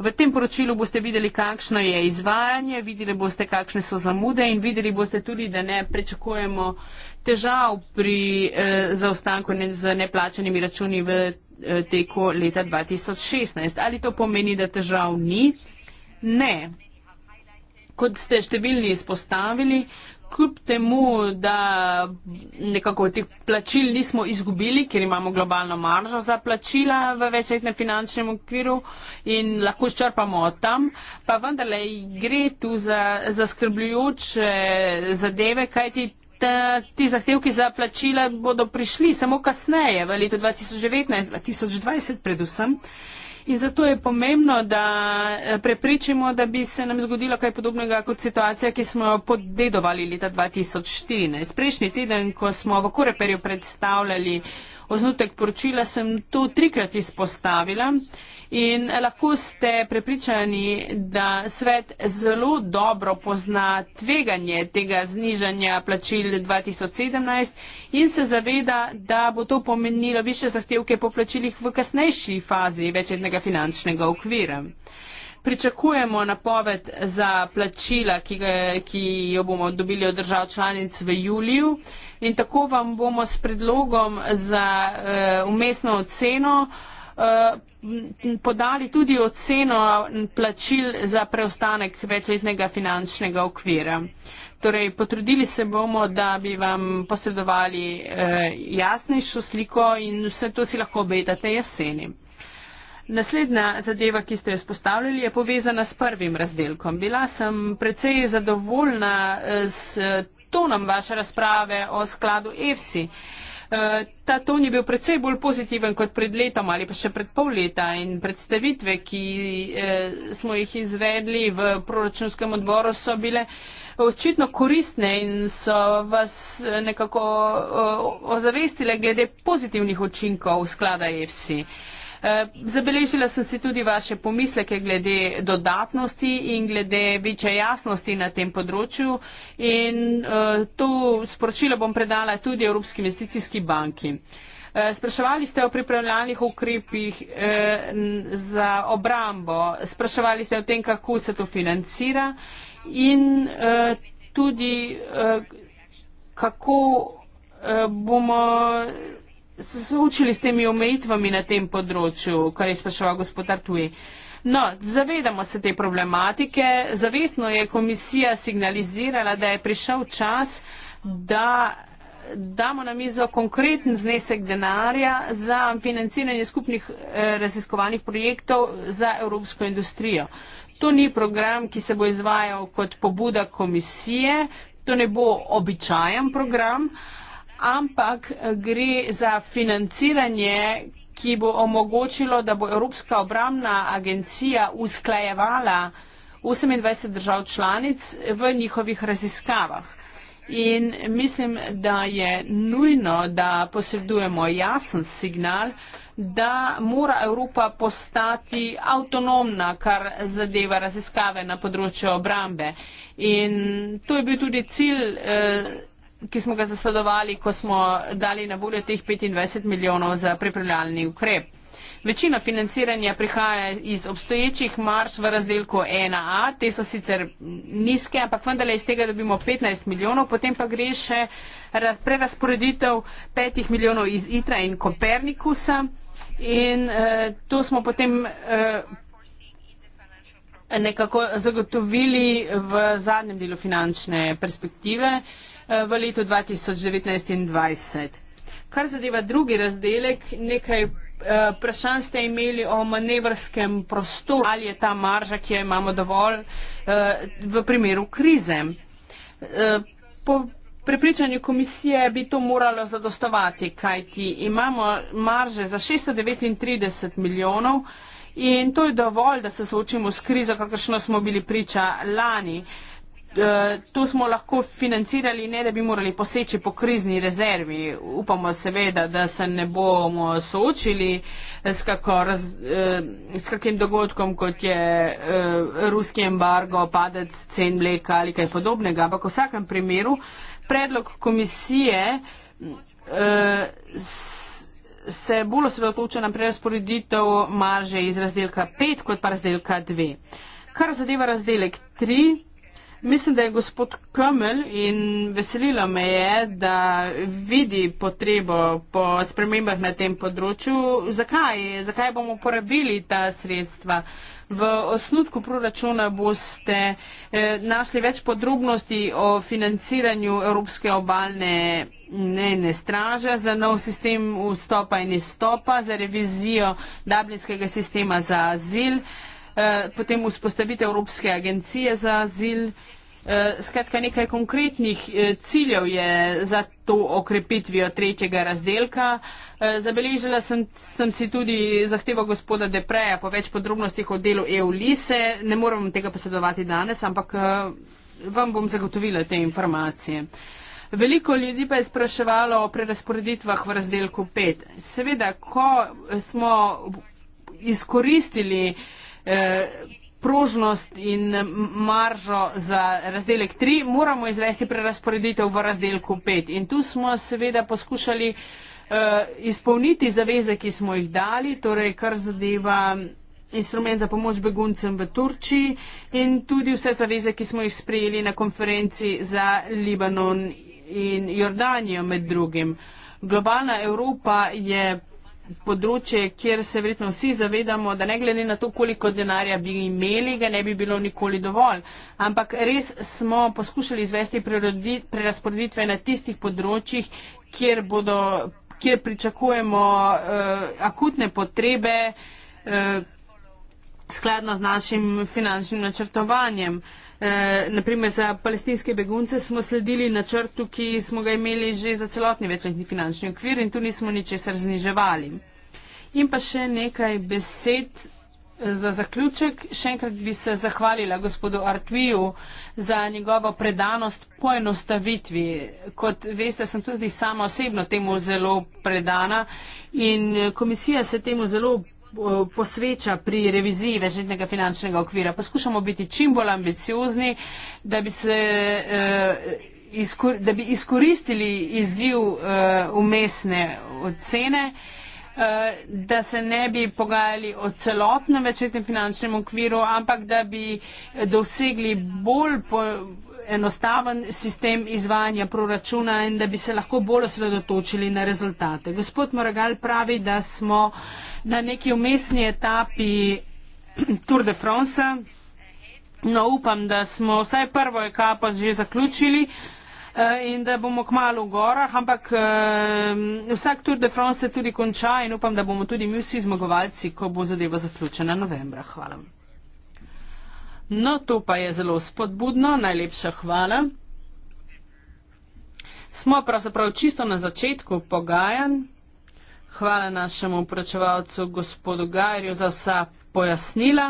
V tem poročilu boste videli, kakšno je izvajanje, videli boste, kakšne so zamude in videli boste tudi, da ne prečakujemo težav pri eh, zaostanku ne, z neplačenimi računi v eh, teku leta 2016. Ali to pomeni, da težav ni? Ne. Kot ste številni izpostavili, kljub temu, da nekako teh plačil nismo izgubili, ker imamo globalno maržo za plačila v večletnem finančnem okviru in lahko ščrpamo od tam, pa vendarle gre tu za, za skrbljujoče zadeve, kajti. Ta, ti zahtevki za plačila bodo prišli samo kasneje, v letu 2019-2020 predvsem. In zato je pomembno, da eh, prepričimo, da bi se nam zgodilo kaj podobnega kot situacija, ki smo jo podedovali leta 2014. Prejšnji teden, ko smo v Koreperju predstavljali Oznotek poročila sem to trikrat izpostavila in lahko ste prepričani, da svet zelo dobro pozna tveganje tega znižanja plačil 2017 in se zaveda, da bo to pomenilo više zahtevke po plačilih v kasnejši fazi večjednega finančnega okvira pričakujemo napoved za plačila, ki, ga, ki jo bomo dobili od držav članic v juliju. In tako vam bomo s predlogom za eh, umestno oceno eh, podali tudi oceno plačil za preostanek večletnega finančnega okvira. Torej, potrudili se bomo, da bi vam posredovali eh, jasnejšo sliko in vse to si lahko obetate jeseni. Naslednja zadeva, ki ste jo spostavljali, je povezana s prvim razdelkom. Bila sem precej zadovoljna eh, s tonom vaše razprave o skladu EFSI. Eh, ta ton je bil precej bolj pozitiven kot pred letom ali pa še pred pol leta in predstavitve, ki eh, smo jih izvedli v proračunskem odboru, so bile očitno koristne in so vas nekako ozavestile glede pozitivnih učinkov sklada EFSI. Eh, zabeležila sem si tudi vaše pomisleke glede dodatnosti in glede večje jasnosti na tem področju in eh, to sporočilo bom predala tudi Evropski investicijski banki. Eh, spraševali ste o pripravljalnih ukrepih za obrambo, spraševali ste o tem, kako se to financira in tudi kako bomo se soočili s temi omejitvami na tem področju, kar je spraševal gospodar Tuji. No, zavedamo se te problematike, zavestno je komisija signalizirala, da je prišel čas, da damo na mizo konkreten znesek denarja za financiranje skupnih eh, raziskovalnih projektov za evropsko industrijo. To ni program, ki se bo izvajal kot pobuda komisije, to ne bo običajen program. Eh, ampak gre za financiranje, ki bo omogočilo, da bo Evropska obramna agencija usklajevala 28 držav članic v njihovih raziskavah. In mislim, da je nujno, da posredujemo jasen signal, da mora Evropa postati avtonomna, kar zadeva raziskave na področju obrambe. In to je bil tudi cilj. Eh, ki smo ga zasledovali, ko smo dali na voljo teh 25 milijonov za pripravljalni ukrep. Večina financiranja prihaja iz obstoječih marš v razdelku 1A, te so sicer nizke, ampak vendarle iz tega dobimo 15 milijonov, potem pa gre še prerasporeditev 5 milijonov iz ITRA in Kopernikusa in eh, to smo potem eh, nekako zagotovili v zadnjem delu finančne perspektive. Eh, v letu 2019 in 2020. Kar zadeva drugi razdelek, nekaj eh, vprašanj ste imeli o manevrskem prostoru, ali je ta marža, ki jo imamo dovolj eh, v primeru krize. Eh, po prepričanju komisije bi to moralo zadostovati, kajti imamo marže za 639 milijonov in to je dovolj, da se soočimo s krizo, kakršno smo bili priča lani. Eh, to smo lahko financirali, ne da bi morali poseči po krizni rezervi. Upamo seveda, da se ne bomo soočili eh, s, kako raz, eh, s kakim dogodkom, kot je ruski embargo, padec cen mleka ali kaj podobnega. Ampak v vsakem primeru predlog komisije se bolj osredotoča na prerasporeditev maže iz razdelka 5 kot pa razdelka 2. Kar zadeva razdelek 3, Mislim, da je gospod Kömel in veselilo me je, da vidi potrebo po spremembah na tem področju. Zakaj? Zakaj bomo porabili ta sredstva? V osnutku proračuna boste eh, našli več podrobnosti o financiranju Evropske obalne ne straže za nov sistem vstopa in izstopa, za revizijo Dublinskega sistema za azil. Eh, potem vzpostavitev Evropske agencije za azil. Eh, skratka, nekaj konkretnih eh, ciljev je za to okrepitvijo tretjega razdelka. Zabeležila sem, sem si tudi zahtevo gospoda Depreja po več podrobnostih o delu EU-lise. E. Ne moram tega posedovati danes, ampak vam bom zagotovila te informacije. Veliko ljudi pa je spraševalo o prerasporeditvah v razdelku 5. Seveda, ko smo izkoristili Eh, prožnost in maržo za razdelek 3, moramo izvesti prerasporeditev v razdelku 5. In tu smo seveda poskušali eh, izpolniti zaveze, ki smo jih dali, torej kar zadeva instrument za pomoč beguncem v Turčiji in tudi vse zaveze, ki smo jih sprejeli na konferenci za Libanon in Jordanijo med drugim. Globalna Evropa je področje, kjer se verjetno vsi zavedamo, da ne glede na to, koliko denarja bi imeli, ga ne bi bilo nikoli dovolj. Ampak res smo poskušali izvesti prerasporeditve na tistih področjih, kjer, bodo, kjer pričakujemo uh, akutne potrebe. Uh, skladno z našim finančnim načrtovanjem. E, eh, naprimer, za palestinske begunce smo sledili načrtu, ki smo ga imeli že za celotni večletni finančni okvir in tu nismo ničesar zniževali. In pa še nekaj besed eh, za zaključek. Še enkrat bi se zahvalila gospodu Artuiju za njegovo predanost poenostavitvi. Kot veste, sem tudi sama osebno temu zelo predana in eh, komisija se temu zelo posveča pri reviziji večletnega finančnega okvira. Poskušamo biti čim bolj ambiciozni, da bi se. Eh, da bi izkoristili izziv uh, umestne ocene, uh, da se ne bi pogajali o celotnem večetnem finančnem okviru, ampak da bi dosegli bolj po, enostaven sistem izvajanja proračuna in da bi se lahko bolj osredotočili na rezultate. Gospod Moragal pravi, da smo na neki umestni etapi (clears throat) Tour de France. No, upam, da smo vsaj prvo ekapo že zaključili eh, in da bomo kmalo v gorah, ampak eh, vsak Tour de France se tudi konča in upam, da bomo tudi mi vsi zmagovalci, ko bo zadeva zaključena novembra. Hvala. No, to pa je zelo spodbudno, najlepša hvala. Smo pravzaprav čisto na začetku pogajanj. Hvala našemu upračevalcu gospodu Gajerju za vsa pojasnila.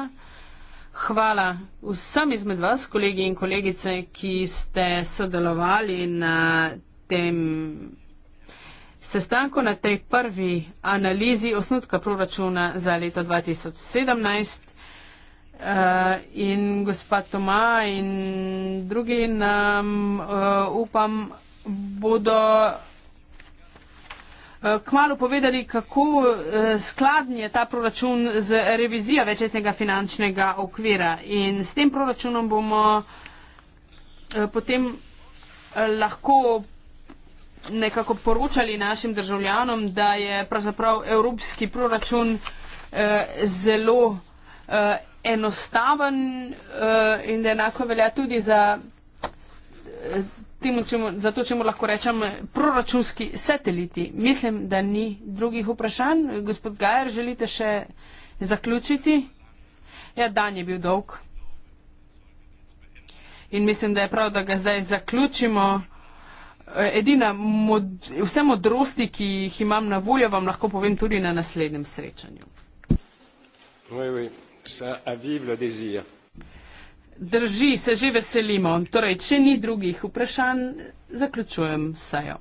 Hvala vsem izmed vas, kolegi in kolegice, ki ste sodelovali na tem sestanku, na tej prvi analizi osnutka proračuna za leto 2017. Uh, in gospa Toma in drugi nam uh, upam bodo uh, eh, kmalo povedali, kako uh, skladn je ta proračun z revizijo večletnega finančnega okvira. In s tem proračunom bomo uh, potem uh, lahko nekako poročali našim državljanom, da je pravzaprav evropski proračun uh, zelo uh, enostaven uh, in da enako velja tudi za, eh, temu, čemu, za to, če mu lahko rečem, proračunski sateliti. Mislim, da ni drugih vprašanj. Gospod Gajer, želite še zaključiti? Ja, dan je bil dolg. In mislim, da je prav, da ga zdaj zaključimo. Eh, edina mod, vse modrosti, ki jih imam na voljo, vam lahko povem tudi na naslednjem srečanju. Maybe. Drži, se že veselimo. Torej, če ni drugih vprašanj, zaključujem sejo.